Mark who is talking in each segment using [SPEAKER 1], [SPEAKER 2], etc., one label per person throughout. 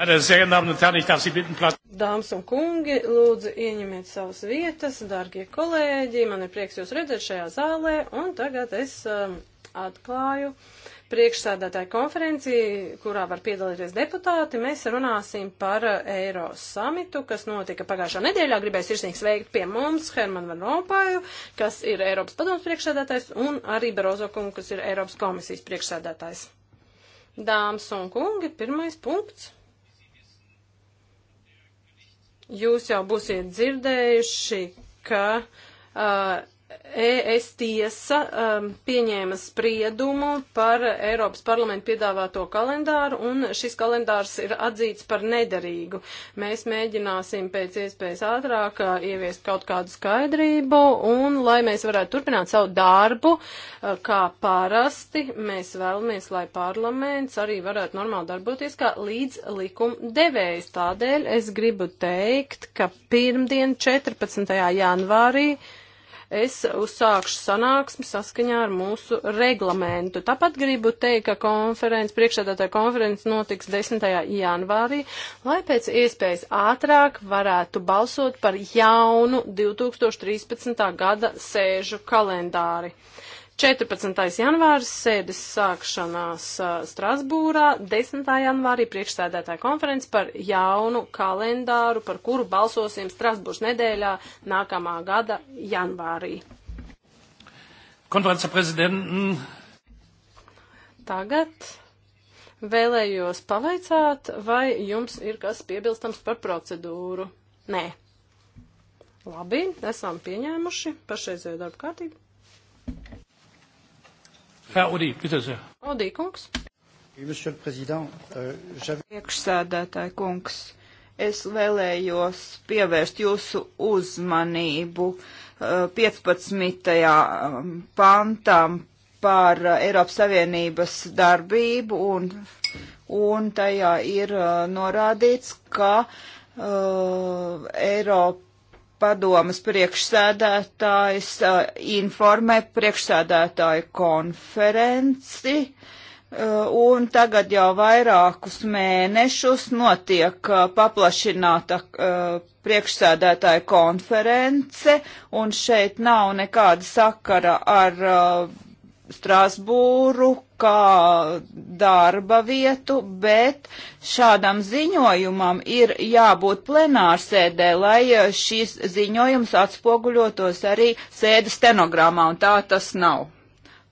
[SPEAKER 1] Dāmas un kungi, lūdzu ieņemiet savas vietas, dārgie kolēģi, man ir prieks jūs redzēt šajā zālē, un tagad es um, atklāju priekšsēdētāju konferenci, kurā var piedalīties deputāti. Mēs runāsim par uh, Eiro samitu, kas notika pagājušā nedēļā. Gribēju sirsnīgi sveikt pie mums Hermanu Van Rompāju, kas ir Eiropas padomas priekšsēdētājs, un arī Barozo kungu, kas ir Eiropas komisijas priekšsēdētājs. Dāmas un kungi, pirmais punkts. Jūs jau būsiet dzirdējuši, ka uh, ES tiesa um, pieņēma spriedumu par Eiropas parlamentu piedāvāto kalendāru, un šis kalendārs ir atzīts par nederīgu. Mēs mēģināsim pēc iespējas ātrāk uh, ieviest kaut kādu skaidrību, un lai mēs varētu turpināt savu darbu, uh, kā parasti, mēs vēlamies, lai parlaments arī varētu normāli darboties kā līdz likuma devējs. Tādēļ es gribu teikt, ka pirmdien 14. janvārī es uzsākšu sanāksmi saskaņā ar mūsu reglamentu. Tāpat gribu teikt, ka konferences, priekšsēdētāja konferences notiks 10. janvārī, lai pēc iespējas ātrāk varētu balsot par jaunu 2013. gada sēžu kalendāri. Uh, 14. janvāris sēdes sākšanās Strasbūrā, 10. janvārī priekšstādētāja konferences par jaunu kalendāru, par kuru balsosim Strasbūras nedēļā nākamā gada janvārī. Konferences prezidentam. Tagad vēlējos pavaicāt, vai jums ir kas piebilstams par procedūru. Nē. Labi, esam pieņēmuši pašreizējo darbu kārtību.
[SPEAKER 2] Herr Udi, bitte sehr.
[SPEAKER 1] Udi, kungs.
[SPEAKER 2] Euh,
[SPEAKER 3] Priekšsēdētāji kungs, es vēlējos pievērst jūsu uzmanību 15. Uh, um, pantam par uh, Eiropas Savienības darbību un, un tajā ir uh, norādīts, ka uh, Eiropa padomas priekšsēdētājs informē priekšsēdētāju konferenci. Un tagad jau vairākus mēnešus notiek paplašināta priekšsēdētāja konference, un šeit nav nekāda sakara ar Strasbūru, kā darba vietu, bet šādam ziņojumam ir jābūt plenārsēdē, lai e, šis ziņojums atspoguļotos arī sēdes stenogramā, un tā tas nav.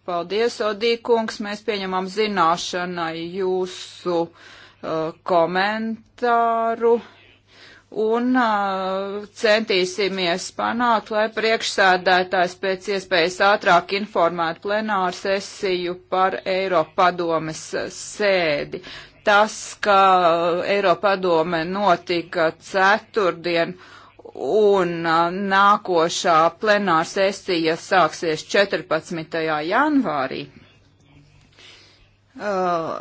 [SPEAKER 3] Paldies, Odīkungs, mēs pieņemam zināšanai jūsu uh, komentāru un uh, centīsimies panākt, lai priekšsēdētājs pēc iespējas ātrāk informētu plenāru sesiju par Eiropadomes uh, sēdi. Tas, ka Eiropadome notika ceturtdien un uh, nākošā plenāra sesija sāksies 14. janvārī. Uh,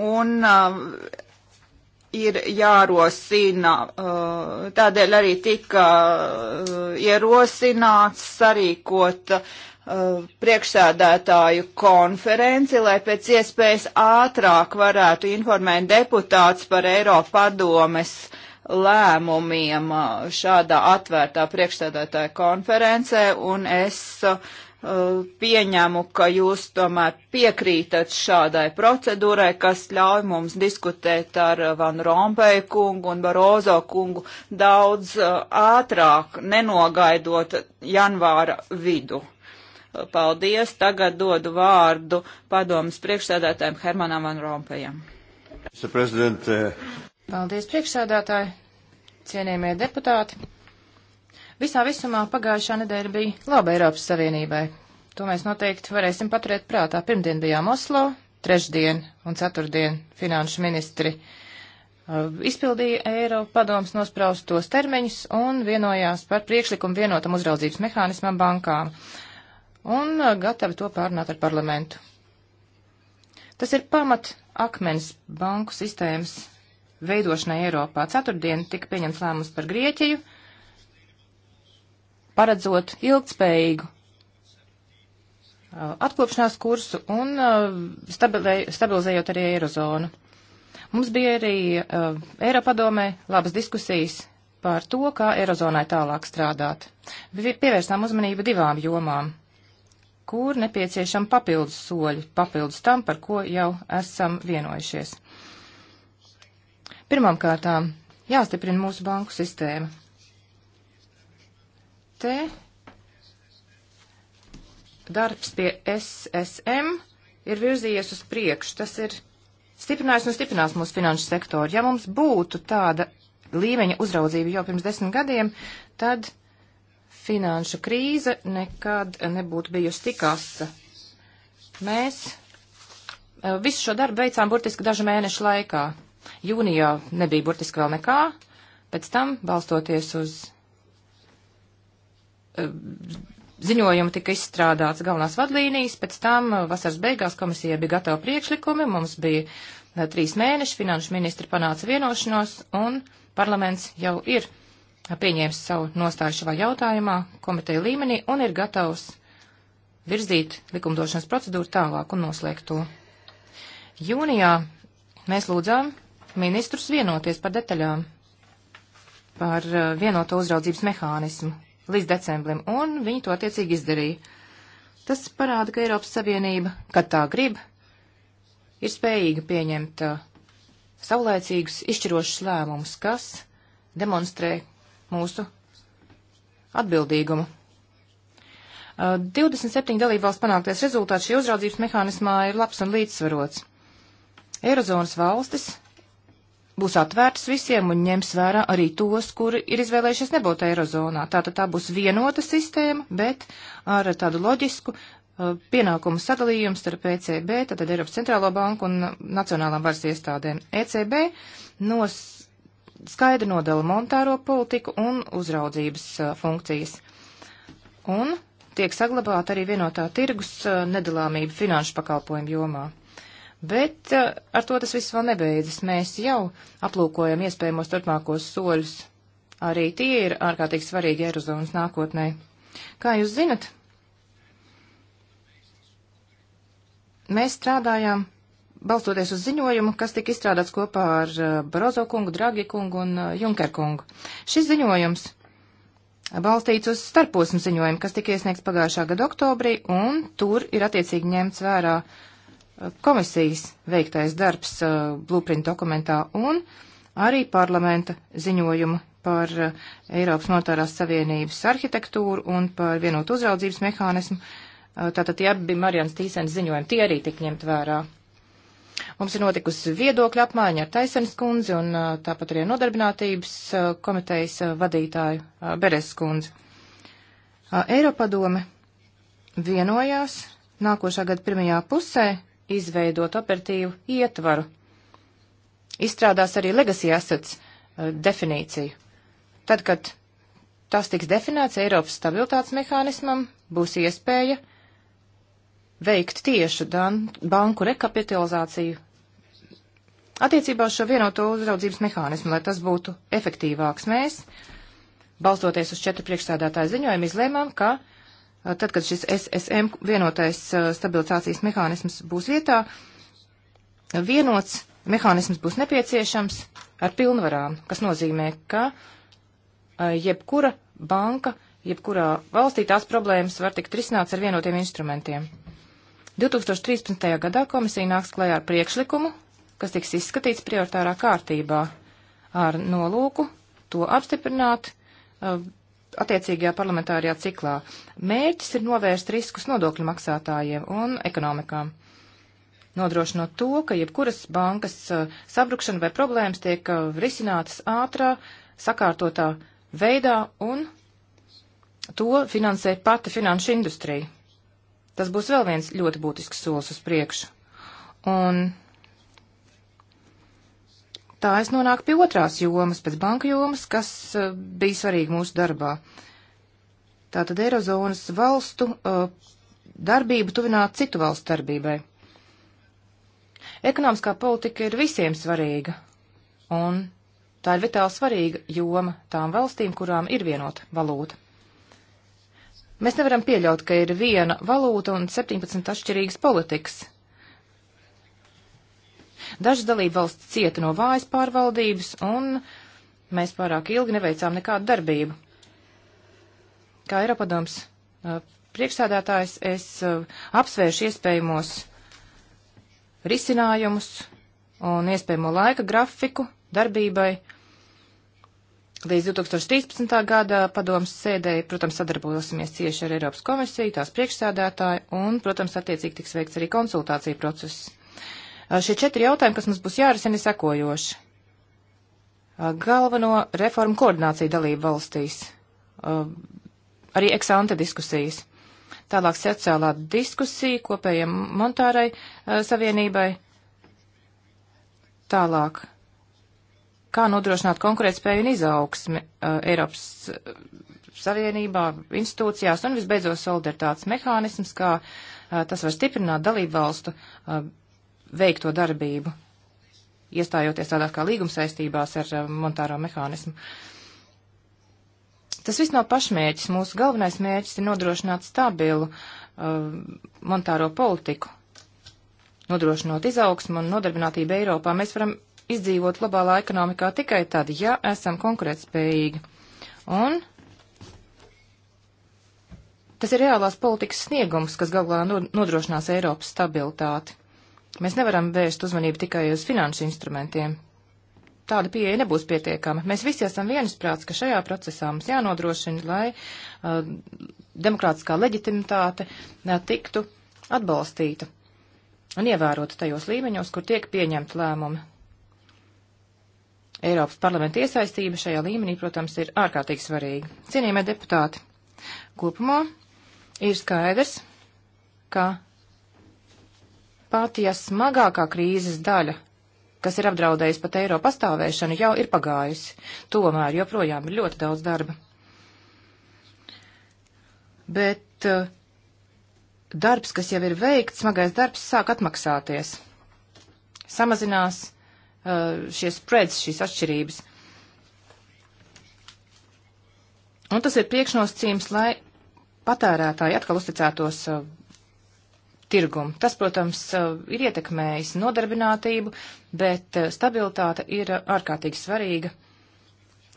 [SPEAKER 3] un uh, ir jārosina. Uh, tādēļ arī tika uh, ierosināts sarīkot uh, priekšsēdētāju konferenci, lai pēc iespējas ātrāk varētu informēt deputāts par Eiropadomes lēmumiem šādā atvērtā priekšsēdētāja konferencē, un es uh, Uh, pieņemu, ka jūs tomēr piekrītat šādai procedūrai, kas ļauj mums diskutēt ar uh, Van Rompēju kungu un Barozo kungu daudz uh, ātrāk, nenogaidot janvāra vidu. Paldies, tagad dodu vārdu padomas priekšsēdētājiem Hermanam Van Rompējam.
[SPEAKER 1] Paldies,
[SPEAKER 3] priekšsēdētāji, cienījamie deputāti.
[SPEAKER 2] Visā visumā pagājušā nedēļa bija laba Eiropas Savienībai. To mēs noteikti varēsim paturēt prātā. Pirmdien bijām Oslo, trešdien un ceturtdien finanšu ministri uh, izpildīja Eiropa padoms nospraustos termiņus un vienojās par priekšlikumu vienotam uzraudzības mehānismam bankām un uh, gatavi to pārnāt ar parlamentu. Tas ir pamat akmens banku sistēmas veidošanai Eiropā. Ceturtdien tika pieņemts lēmums par Grieķiju, paredzot ilgtspējīgu uh, atkopšanās kursu un uh, stabilizējot arī eirozonu. Mums bija arī uh, Eiropadomē labas diskusijas par to, kā eirozonai tālāk strādāt. Pievērstām uzmanību divām jomām, kur nepieciešam papildus soļi, papildus tam, par ko jau esam vienojušies. Pirmkārtām, jāstiprina mūsu banku sistēma. ST darbs pie SSM ir virzījies uz priekšu. Tas ir stiprinājis un stiprinās mūsu finanšu sektoru. Ja mums būtu tāda līmeņa uzraudzība jau pirms desmit gadiem, tad finanšu krīze nekad nebūtu bijusi tik asa. Mēs eh, visu šo darbu veicām burtiski dažu mēnešu laikā. Jūnijā nebija burtiski vēl nekā, pēc tam, balstoties uz Eh, ziņojuma tika izstrādāts galvenās vadlīnijas, pēc tam eh, vasaras beigās komisijai bija gatava priekšlikumi, mums bija uh, trīs mēneši, finanšu ministri panāca vienošanos un parlaments jau ir pieņēmis savu nostāju šajā jautājumā komiteja līmenī un ir gatavs virzīt likumdošanas procedūru tālāk un noslēgt to. Jūnijā mēs lūdzām ministrus vienoties par detaļām, par uh, vienoto uzraudzības mehānismu, līdz decembrim, un viņi to attiecīgi izdarīja. Tas parāda, ka Eiropas Savienība, kad tā grib, ir spējīga pieņemt uh, savlaicīgus izšķirošus lēmumus, kas demonstrē mūsu atbildīgumu. 27 uh, dalībvalsts panāktais rezultāts šī uzraudzības mehānismā ir labs un līdzsvarots. Eirozonas valstis būs atvērtas visiem un ņems vērā arī tos, kuri ir izvēlējušies nebūt Eirozonā. Tātad tā būs vienota sistēma, bet ar tādu loģisku uh, pienākumu sadalījumu starp ECB, tātad Eiropas centrālo banku un nacionālām varas iestādēm. ECB nos skaidri nodala monetāro politiku un uzraudzības uh, funkcijas. Un tiek saglabāta arī vienotā tirgus uh, nedalāmība finanšu pakalpojumu jomā. Bet eh, ar to tas viss vēl nebeidzas. Mēs jau aplūkojam iespējamos turpmākos soļus. Arī tie ir ārkārtīgi svarīgi Eirozonas nākotnē. Kā jūs zinat, mēs strādājām balstoties uz ziņojumu, kas tika izstrādāts kopā ar eh, Barozo kungu, Dragi kungu un eh, Junker kungu. Šis ziņojums balstīts uz starposmu ziņojumu, kas tika iesniegts pagājušā gada oktobrī, un tur ir attiecīgi ņemts vērā uh, komisijas veiktais darbs uh, blueprint dokumentā un arī parlamenta ziņojumu par uh, Eiropas notārās savienības arhitektūru un par vienotu uzraudzības mehānismu. Uh, tātad tie abi bija Marijans Tīsens ziņojumi, tie arī tik ņemt vērā. Mums ir notikusi viedokļa apmaiņa ar Taisens kundzi un tāpat arī nodarbinātības komitejas vadītāju Beres kundzi. Eiropadome vienojās nākošā gada pirmajā pusē izveidot operatīvu ietvaru. Izstrādās arī legacy assets uh, definīciju. Tad, kad tas tiks definēts Eiropas stabilitātes mehānismam, būs iespēja veikt tiešu dan banku rekapitalizāciju attiecībā uz šo vienoto uzraudzības mehānismu, lai tas būtu efektīvāks. Mēs, balstoties uz četru priekšstādātāju ziņojumu, izlēmām, ka uh, tad, kad šis SSM vienotais uh, stabilizācijas mehānisms būs vietā, vienots mehānisms būs nepieciešams ar pilnvarām, kas nozīmē, ka uh, jebkura banka, jebkurā valstī tās problēmas var tikt risināts ar vienotiem instrumentiem. 2013. gadā komisija nāks klajā ar priekšlikumu, kas tiks izskatīts prioritārā kārtībā ar nolūku to apstiprināt uh, attiecīgajā parlamentārajā ciklā. Mērķis ir novērst riskus nodokļu maksātājiem un ekonomikām. Nodrošinot to, ka jebkuras bankas uh, sabrukšana vai problēmas tiek uh, risinātas ātrā, sakārtotā veidā un to finansē pati finanšu industrija. Tas būs vēl viens ļoti būtisks solis uz priekšu. Un tā es nonāku pie otrās jomas, pēc banka jomas, kas eh, bija svarīga mūsu darbā. Tātad Eirozonas valstu eh, darbību tuvināt citu valstu darbībai. Ekonomiskā politika ir visiem svarīga, un tā ir vitāli svarīga joma tām valstīm, kurām ir vienota valūta. Mēs nevaram pieļaut, ka ir viena valūta un 17 atšķirīgas politikas. Dažas dalībvalsts cieta no vājas pārvaldības, un mēs pārāk ilgi neveicām nekādu darbību. Kā Eiropadoms uh, priekšsādātājs, es uh, apsvēršu iespējamos risinājumus un iespējamo laika grafiku darbībai. Līdz 2013. gada padomas sēdēji, protams, sadarbosimies cieši ar Eiropas komisiju, tās priekšsādātāju un, protams, attiecīgi tiks veikts arī konsultāciju process. Šie četri jautājumi, kas mums būs jārisina, ir sekojoši. Galveno reformu koordināciju dalību valstīs, arī eksante diskusijas, tālāk sociālā diskusija kopējiem monetārai savienībai, tālāk kā nodrošināt konkurētspēju un izaugsmi uh, Eiropas uh, Savienībā, institūcijās un visbeidzot solidaritātes mehānisms, kā uh, tas var stiprināt dalību valstu uh, veikto darbību, iestājoties tādā kā līgumsaistībās ar eh, monetāro mehānismu. Tas viss nav pašmērķis. Mūsu galvenais mērķis ir nodrošināt stabilu uh, monetāro politiku, nodrošinot izaugsmu un nodarbinātību Eiropā. Mēs varam izdzīvot globālā ekonomikā tikai tad, ja esam konkurētspējīgi. Un tas ir reālās politikas sniegums, kas galvā nodrošinās Eiropas stabilitāti. Mēs nevaram vērst uzmanību tikai uz finanšu instrumentiem. Tāda pieeja nebūs pietiekama. Mēs visi esam viensprāts, ka šajā procesā mums jānodrošina, lai uh, demokrātiskā leģitimitāte uh, tiktu atbalstīta un ievērota tajos līmeņos, kur tiek pieņemta lēmumi. Eiropas parlamenta iesaistība šajā līmenī, protams, ir ārkārtīgi svarīga. Cienījamie deputāti, kopumā ir skaidrs, ka pat ja smagākā krīzes daļa, kas ir apdraudējusi pat eiro pastāvēšanu, jau ir pagājusi, tomēr joprojām ir ļoti daudz darba. Bet uh, darbs, kas jau ir veikts, smagais darbs sāk atmaksāties. Samazinās uh, šie spreads, šīs atšķirības. Un tas ir priekšnosacījums, lai patērētāji atkal uzticētos uh, tirgumu. Tas, protams, eh, ir ietekmējis nodarbinātību, bet eh, stabilitāte ir eh, ārkārtīgi svarīga,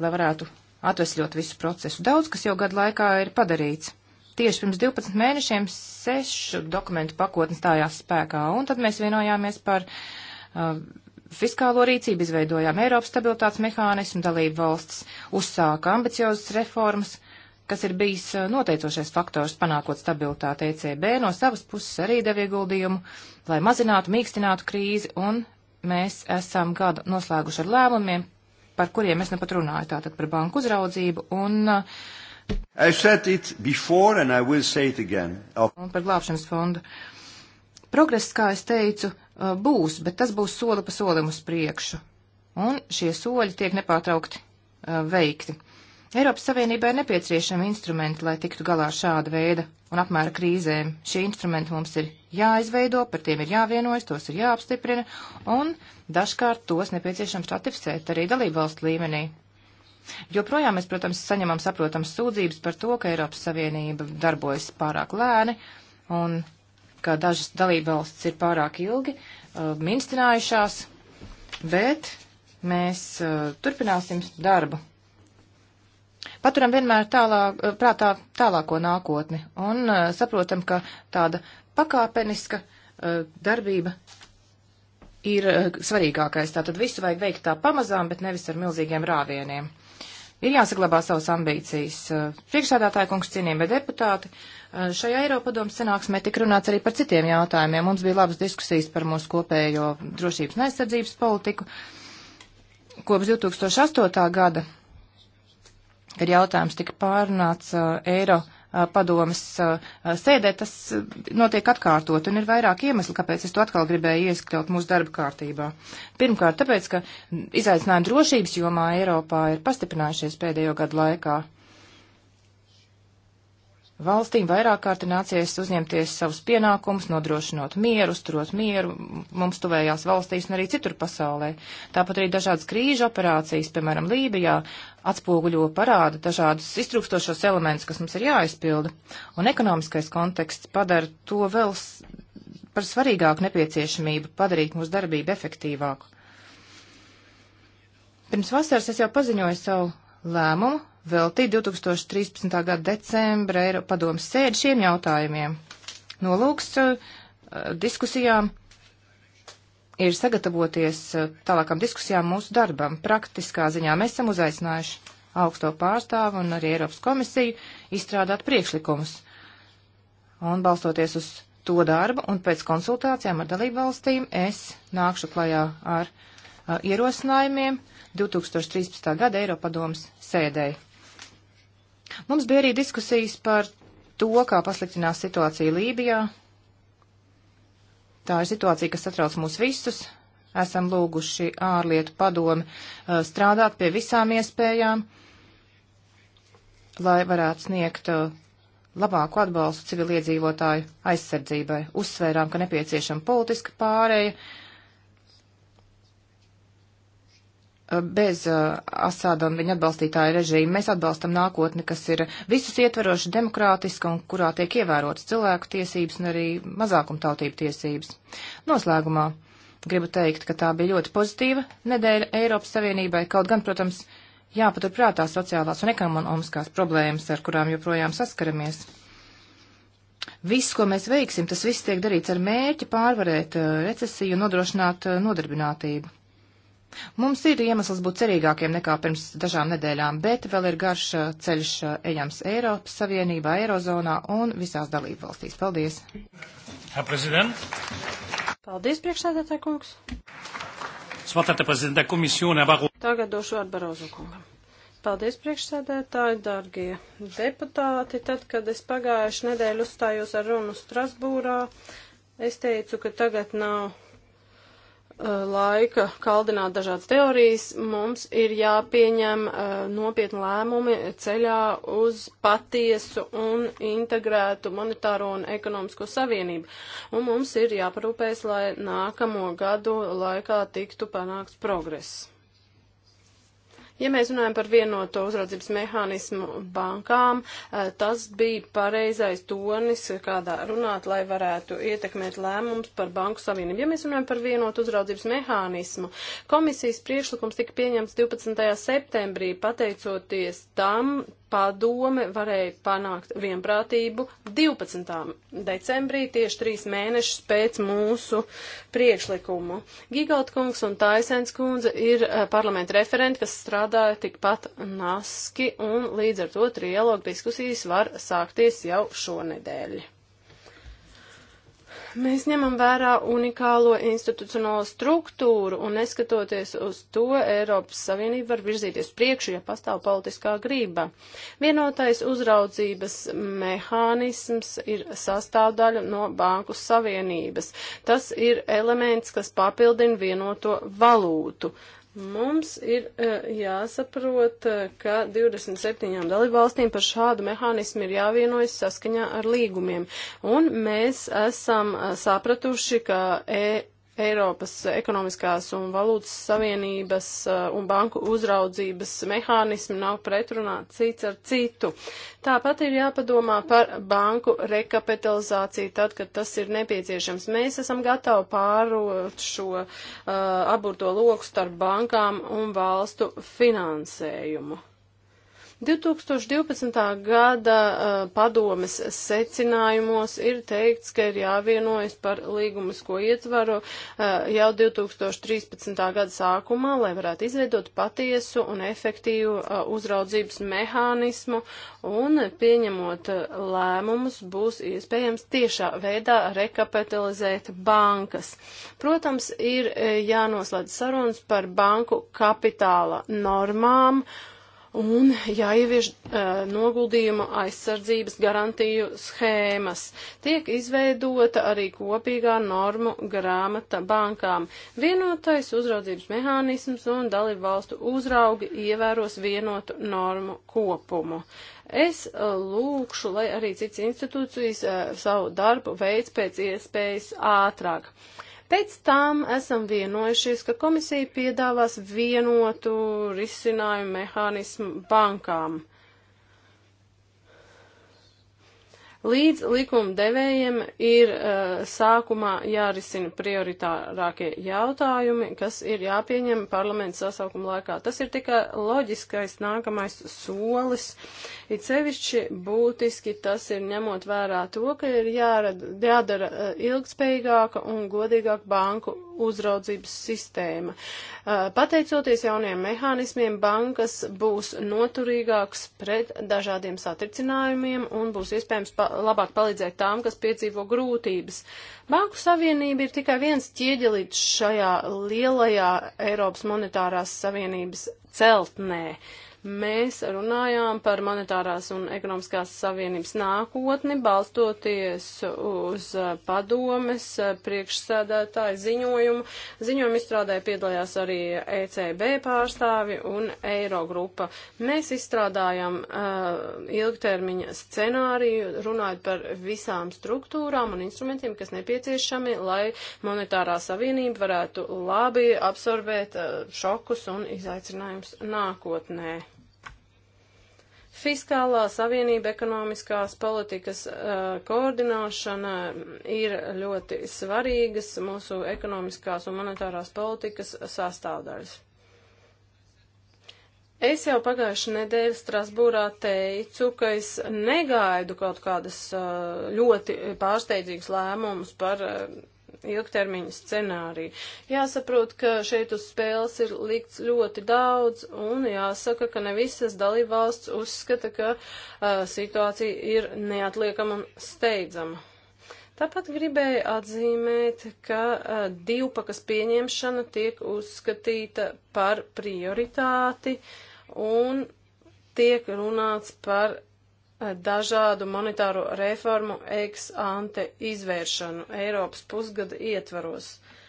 [SPEAKER 2] lai varētu atvesļot visu procesu. Daudz, kas jau gadu laikā ir padarīts. Tieši pirms 12 mēnešiem sešu dokumentu pakotnes stājās spēkā, un tad mēs vienojāmies par uh, fiskālo rīcību, izveidojām Eiropas stabilitātes mehānismu, dalību valsts uzsāka ambiciozas reformas, kas ir bijis noteicošais faktors panākot stabilitāti ECB, no savas puses arī dev ieguldījumu, lai mazinātu, mīkstinātu krīzi, un mēs esam gadu noslēguši ar lēmumiem, par kuriem es nepat runāju, tātad par banku uzraudzību un uh,
[SPEAKER 1] I said it before and I will say it again. Oh. Un
[SPEAKER 2] par glābšanas fondu. Progress, kā es teicu, būs, bet tas būs soli pa solim uz priekšu. Un šie soļi tiek nepārtraukti uh, veikti. Eiropas Savienībai ir nepieciešami instrumenti, lai tiktu galā ar šāda veida un apmēra krīzēm. Šie instrumenti mums ir jāizveido, par tiem ir jāvienojas, tos ir jāapstiprina, un dažkārt tos nepieciešams ratificēt arī dalībvalstu līmenī. Joprojām mēs, protams, saņemam saprotams sūdzības par to, ka Eiropas Savienība darbojas pārāk lēni un ka dažas dalībvalstis ir pārāk ilgi uh, minstinājušās, bet mēs uh, turpināsim darbu Paturam vienmēr tālāk, eh, prātā tālāko nākotni un eh, saprotam, ka tāda pakāpeniska eh, darbība ir svarīgākais. Tātad visu vajag veikt tā pamazām, bet nevis ar milzīgiem rāvieniem. Ir jāsaglabā savas ambīcijas. Priekšsādātāja kungs cienījamie deputāti, šajā Eiropadomu sanāksmē tik runāts arī par citiem jautājumiem. Mums bija labas diskusijas par mūsu kopējo drošības un aizsardzības politiku. Kopš 2008. gada kad jautājums tika pārunāts uh, eiro uh, padomas uh, sēdē, tas uh, notiek atkārtot, un ir vairāk iemesli, kāpēc es to atkal gribēju ieskļaut mūsu darba kārtībā. Pirmkārt, tāpēc, ka izaicinājumi drošības jomā Eiropā ir pastiprinājušies pēdējo gadu laikā. Valstīm vairāk kārt ir nācies uzņemties savus pienākumus, nodrošinot mieru, uzturot mieru mums tuvējās valstīs un arī citur pasaulē. Tāpat arī dažādas krīža operācijas, piemēram, Lībijā, atspoguļo parāda dažādus iztrūkstošos elementus, kas mums ir jāizpilda, un ekonomiskais konteksts padara to vēl par svarīgāku nepieciešamību padarīt mūsu darbību efektīvāku. Pirms vasaras es jau paziņoju savu lēmumu veltīt 2013. gada decembra Eiropa padomas sēdi šiem jautājumiem. Nolūks uh, diskusijām ir sagatavoties uh, tālākam diskusijām mūsu darbam. Praktiskā ziņā mēs esam uzaicinājuši augsto pārstāvu un arī Eiropas komisiju izstrādāt priekšlikumus. Un balstoties uz to darbu un pēc konsultācijām ar dalību valstīm es nākšu klajā ar a, uh, ierosinājumiem 2013. gada Eiropadomas sēdēji. Mums bija arī diskusijas par to, kā pasliktinās situācija Lībijā. Tā ir situācija, kas satrauc mūs visus. Esam lūguši ārlietu padomi uh, strādāt pie visām iespējām, lai varētu sniegt uh, labāku atbalstu civiliedzīvotāju aizsardzībai. Uzsvērām, ka nepieciešama politiska pārēja Uh, bez uh, Asāda un viņa atbalstītāja režīma. Mēs atbalstam nākotni, kas ir visus ietveroši demokrātiska un kurā tiek ievērotas cilvēku tiesības un arī mazākumtautību tiesības. Noslēgumā gribu teikt, ka tā bija ļoti pozitīva nedēļa Eiropas Savienībai, kaut gan, protams, jāpaturprātā sociālās un ekonomiskās problēmas, ar kurām joprojām saskaramies. Viss, ko mēs veiksim, tas viss tiek darīts ar mērķi pārvarēt uh, recesiju un nodrošināt nodarbinātību. Mums ir iemesls būt cerīgākiem nekā pirms dažām nedēļām, bet vēl ir garš eh, ceļš eh, ejams Eiropas Savienībā, Eirozonā un visās dalību valstīs. Paldies!
[SPEAKER 1] Herr Präsident! Paldies, priekšsēdētāj kungs! Svatēta prezidenta komisione Baro. Tagad došu vārdu Barozo kungam. Paldies, priekšsēdētāji, dārgie deputāti. Tad, kad es pagājuši nedēļu uzstājos ar runu Strasbūrā, es teicu, ka tagad nav Uh, laika kaldināt dažādas teorijas, mums ir jāpieņem uh, nopietni lēmumi ceļā uz patiesu un integrētu monetāro un ekonomisko savienību. Un mums ir jāparūpēs, lai nākamo gadu laikā tiktu panāks progress. Ja mēs runājam par vienoto no uzraudzības mehānismu bankām, eh, tas bija pareizais tonis, kādā runāt, lai varētu ietekmēt lēmums par banku savienību. Ja mēs runājam par vienotu uzraudzības mehānismu, komisijas priekšlikums tika pieņemts 12. septembrī, pateicoties tam, padome varēja panākt vienprātību 12. decembrī, tieši trīs mēnešus pēc mūsu priekšlikumu. Gigaut kungs un Taisens kundze ir eh, parlamenta referenti, kas strādāja tikpat naski, un līdz ar to trialogu diskusijas var sākties jau šonedēļ. Mēs ņemam vērā unikālo institucionālo struktūru un neskatoties uz to, Eiropas Savienība var virzīties priekšu, ja pastāv politiskā grība. Vienotais uzraudzības mehānisms ir sastāvdaļa no Banku Savienības. Tas ir elements, kas papildina vienoto valūtu. Uh, Mums ir e, jāsaprot, e, ka 27 dalībvalstīm par šādu mehānismu ir jāvienojas saskaņā ar līgumiem. Un mēs esam e, sapratuši, ka e Eiropas ekonomiskās un valūtas savienības eh, un banku uzraudzības mehānismi nav pretrunā cits ar citu. Tāpat ir jāpadomā par banku rekapitalizāciju tad, kad tas ir nepieciešams. Mēs esam gatavi pārot šo uh, aburto loku starp bankām un valstu finansējumu. 2012. gada uh, padomes secinājumos ir teikts, ka ir jāvienojas par līgumisko ietvaru uh, jau 2013. gada sākumā, lai varētu izveidot patiesu un efektīvu uh, uzraudzības mehānismu un pieņemot lēmumus būs iespējams tiešā veidā rekapitalizēt bankas. Protams, ir jānoslēdz sarunas par banku kapitāla normām. Uh, un jāievieš uh, noguldījuma aizsardzības garantiju schēmas. Tiek izveidota arī kopīgā normu grāmata bankām. Vienotais uzraudzības mehānisms un dalību valstu uzraugi ievēros vienotu normu kopumu. Es uh, lūkšu, lai arī cits institūcijas uh, savu darbu veids pēc iespējas ātrāk. Uh, Pēc tam esam vienojušies, ka komisija piedāvās vienotu risinājumu mehānismu bankām. Uh, Līdz likuma devējiem ir uh, sākumā jārisina prioritārākie jautājumi, kas ir jāpieņem parlamenta sasaukuma laikā. Tas ir tikai loģiskais nākamais solis. It sevišķi būtiski tas ir ņemot vērā to, ka ir jārada, jādara uh, ilgspējīgāka un godīgāka banku uzraudzības sistēma. Uh, pateicoties jauniem mehānismiem, bankas būs noturīgāks pret dažādiem satricinājumiem un būs iespējams pa labāk palīdzēt tām, kas piedzīvo grūtības. Banku savienība ir tikai viens ķieģelīts šajā lielajā Eiropas monetārās savienības celtnē. Uh, Mēs runājām par monetārās un ekonomiskās savienības nākotni, balstoties uz uh, padomes uh, priekšsēdētāju ziņojumu. Ziņojumu izstrādē piedalījās arī ECB pārstāvi un Eirogrupa. Mēs izstrādājam uh, ilgtermiņa scenāriju, runājot par visām struktūrām un instrumentiem, kas nepieciešami, lai monetārā savienība varētu labi absorbēt uh, šokus un izaicinājumus nākotnē. Fiskālā savienība ekonomiskās politikas uh, koordināšana ir ļoti svarīgas mūsu ekonomiskās un monetārās politikas sastāvdaļas. Es jau pagājušajā nedēļā Strasbūrā teicu, ka es negaidu kaut kādas ļoti pārsteidzīgas lēmumus par ilgtermiņa scenāriju. Jāsaprot, ka šeit uz spēles ir likts ļoti daudz, un jāsaka, ka ne visas dalībvalsts uzskata, ka uh, situācija ir neatliekama un steidzama. Tāpat gribēju atzīmēt, ka uh, divpakas pieņemšana tiek uzskatīta par prioritāti un tiek runāts par dažādu monetāro reformu ex ante izvēršanu Eiropas pusgada ietvaros. Uh,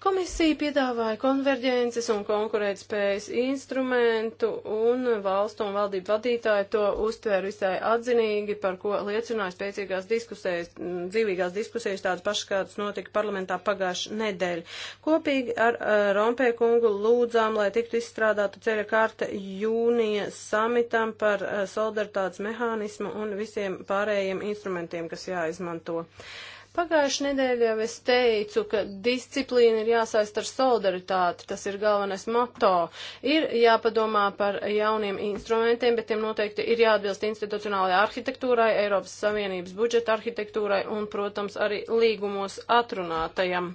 [SPEAKER 1] Komisija piedāvāja konverģences un konkurētspējas instrumentu, un valstu un valdību vadītāji to uztvēra visai atzinīgi, par ko liecināja spēcīgās diskusijas, dzīvīgās diskusijas, tādas pašas, kādas notika parlamentā pagājuši nedēļa. Kopīgi ar uh, Rompēkungu lūdzām, lai tiktu izstrādāta ceļa karta jūnija samitam par uh, solidaritātes mehānismu un visiem pārējiem instrumentiem, kas jāizmanto. Uh, Pagājušajā nedēļā jau es teicu, ka disciplīna ir jāsaist ar solidaritāti, tas ir galvenais moto. Ir jāpadomā par jauniem instrumentiem, bet tiem noteikti ir jāatbilst institucionālajai arhitektūrai, Eiropas Savienības budžeta arhitektūrai un, protams, arī līgumos atrunātajam.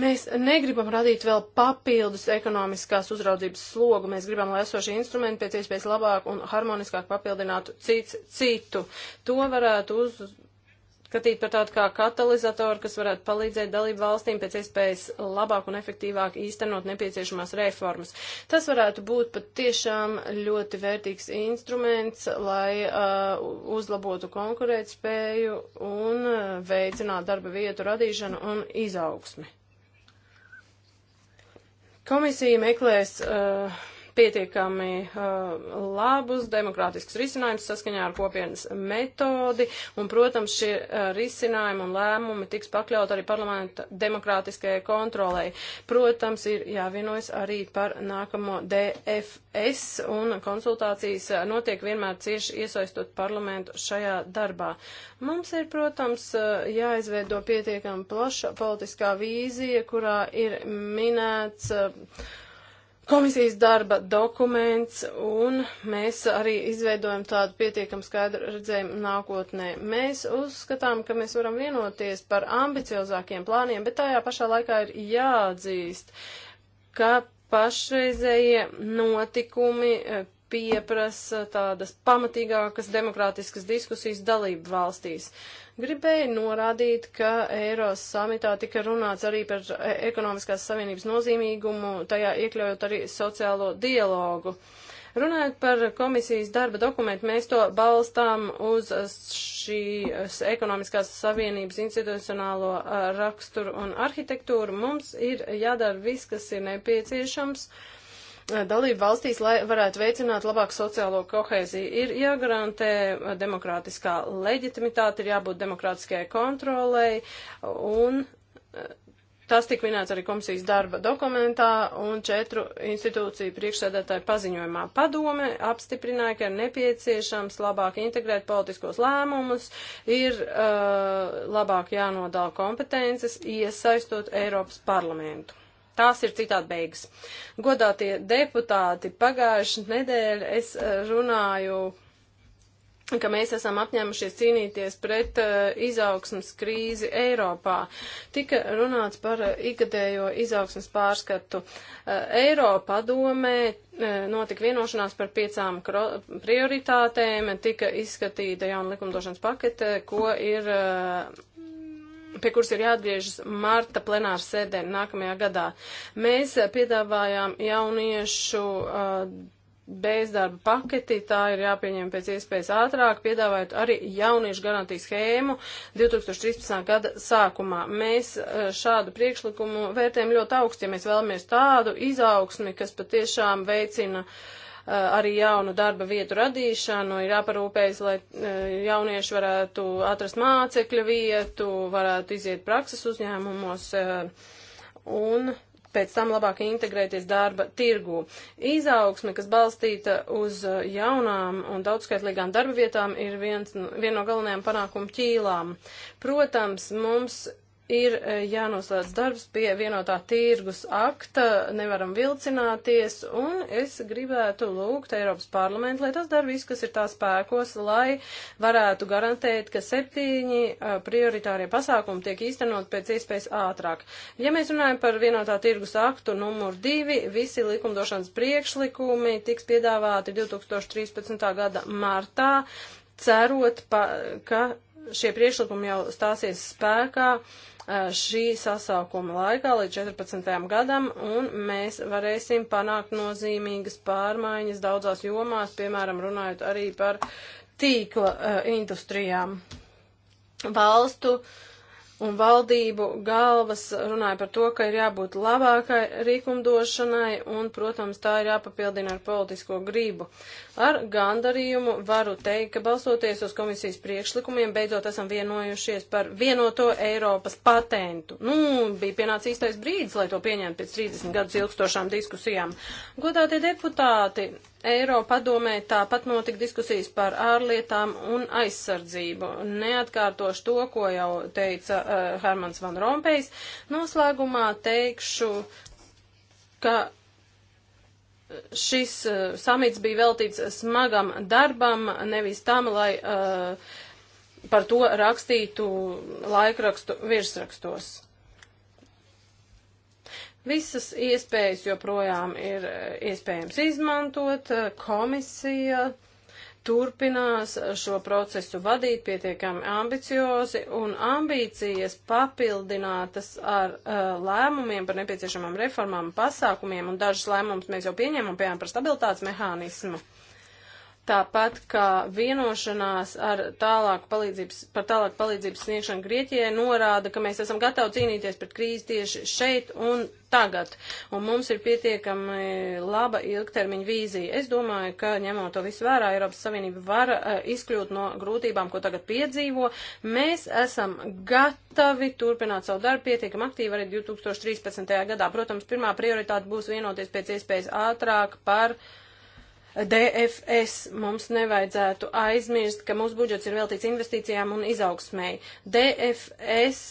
[SPEAKER 1] Mēs negribam radīt vēl papildus ekonomiskās uzraudzības slogu. Mēs gribam, lai esošie instrumenti pēc iespējas labāk un harmoniskāk papildinātu cits citu. To varētu uz, skatīt par tādu kā katalizatoru, kas varētu palīdzēt dalību valstīm pēc iespējas labāk un efektīvāk īstenot nepieciešamās reformas. Tas varētu būt pat tiešām ļoti vērtīgs instruments, lai uh, uzlabotu konkurētspēju un uh, veicinātu darba vietu radīšanu un izaugsmi. Komisija meklēs uh, pietiekami uh, labus demokrātiskus risinājumus saskaņā ar kopienas metodi, un, protams, šie uh, risinājumi un lēmumi tiks pakļaut arī parlamenta demokrātiskajai kontrolē. Protams, ir jāvienojas arī par nākamo DFS, un konsultācijas uh, notiek vienmēr cieši iesaistot parlamentu šajā darbā. Mums ir, protams, uh, jāizveido pietiekami plaša politiskā vīzija, kurā ir minēts uh, komisijas darba dokuments, un mēs arī izveidojam tādu pietiekam skaidru redzējumu nākotnē. Mēs uzskatām, ka mēs varam vienoties par ambiciozākiem plāniem, bet tajā pašā laikā ir jāatzīst, ka pašreizējie notikumi eh, pieprasa tādas pamatīgākas demokrātiskas diskusijas dalību valstīs. Uh, Gribēju norādīt, ka Eiros samitā tika runāts arī par e, ekonomiskās savienības nozīmīgumu, tajā iekļaujot arī sociālo dialogu. Runājot par komisijas darba dokumentu, mēs to balstām uz šīs ekonomiskās savienības institucionālo e, raksturu un arhitektūru. Mums ir jādara viss, kas ir nepieciešams. Uh, Eh, dalību valstīs, lai varētu veicināt labāku sociālo kohēziju. Ir jāgarantē eh, demokrātiskā leģitimitāte, ir jābūt demokrātiskajai kontrolei un eh, Tas tika minēts arī komisijas darba dokumentā un četru institūciju priekšsēdētāju paziņojumā. Padome apstiprināja, ka ir nepieciešams labāk integrēt politiskos lēmumus, ir uh, labāk jānodala kompetences, iesaistot Eiropas parlamentu. Tās ir citādi beigas. Godātie deputāti, pagājušas nedēļa es eh, runāju, ka mēs esam apņēmušies cīnīties pret uh, izaugsmas krīzi Eiropā. Tika runāts par uh, ikgadējo izaugsmas pārskatu. Uh, Eiropa domē notika vienošanās par piecām prioritātēm, tika izskatīta jauna likumdošanas pakete, ko ir pie kuras ir jāatgriežas marta plenāra sēdē nākamajā gadā. Mēs piedāvājām jauniešu uh, bezdarba paketī, tā ir jāpieņem pēc iespējas ātrāk, piedāvājot arī jauniešu garantijas schēmu 2013. gada sākumā. Mēs uh, šādu priekšlikumu vērtējam ļoti augstu, ja mēs vēlamies tādu izaugsmi, kas patiešām veicina uh, Eh, arī jaunu darba vietu radīšanu, ir jāparūpējas, lai eh, jaunieši varētu atrast mācekļa vietu, varētu iziet prakses uzņēmumos eh, un pēc tam labāk integrēties darba tirgū. Izaugsme, kas balstīta uz jaunām un daudzskaitlīgām darba vietām, ir viens, viena no galvenajām panākumu ķīlām. Protams, mums ir e, jānoslēdz darbs pie vienotā tirgus akta, nevaram vilcināties, un es gribētu lūgt Eiropas parlamentu, lai tas dara viss, kas ir tā spēkos, lai varētu garantēt, ka septiņi e, prioritārie pasākumi tiek īstenot pēc iespējas ātrāk. Ja mēs runājam par vienotā tirgus aktu numur divi, visi likumdošanas priekšlikumi tiks piedāvāti 2013. gada martā, cerot, pa, ka šie priekšlikumi jau stāsies spēkā. Uh, Eh, šī sasaukuma laikā līdz 14. gadam, un mēs varēsim panākt nozīmīgas pārmaiņas daudzās jomās, piemēram, runājot arī par tīkla eh, industrijām. Valstu uh, un valdību galvas runāja par to, ka ir jābūt labākai likumdošanai, un, protams, tā ir jāpapildina ar politisko gribu. Ar gandarījumu varu teikt, ka balstoties uz komisijas priekšlikumiem, beidzot esam vienojušies par vienoto Eiropas patentu. Nu, bija pienācis īstais brīdis, lai to pieņemtu pēc 30 gadus ilgstošām diskusijām. Godātie deputāti, Eiropadomē tāpat notika diskusijas par ārlietām un aizsardzību. Neatkārtošu to, ko jau teica uh, Hermans Van Rompējs. Noslēgumā teikšu, ka šis uh, samits bija veltīts smagam darbam, nevis tam, lai uh, par to rakstītu laikrakstu virsrakstos. Visas iespējas joprojām ir uh, iespējams izmantot, komisija turpinās šo procesu vadīt pietiekami ambiciozi un ambīcijas papildinātas ar uh, lēmumiem par nepieciešamām reformām, pasākumiem un dažas lēmumus mēs jau pieņēmām, piemēram, par stabilitātes mehānismu. Tāpat kā vienošanās ar tālāku palīdzības, par tālāku palīdzības sniegšanu Grieķijai norāda, ka mēs esam gatavi cīnīties pret krīzi tieši šeit un tagad. Un mums ir pietiekami laba ilgtermiņa vīzija. Es domāju, ka ņemot to visu vērā, Eiropas Savienība var uh, izkļūt no grūtībām, ko tagad piedzīvo. Mēs esam gatavi turpināt savu darbu pietiekami aktīvi arī 2013. gadā. Protams, pirmā prioritāte būs vienoties pēc iespējas ātrāk par uh, DFS mums nevajadzētu aizmirst, ka mūsu budžets ir veltīts investīcijām un izaugsmēji. DFS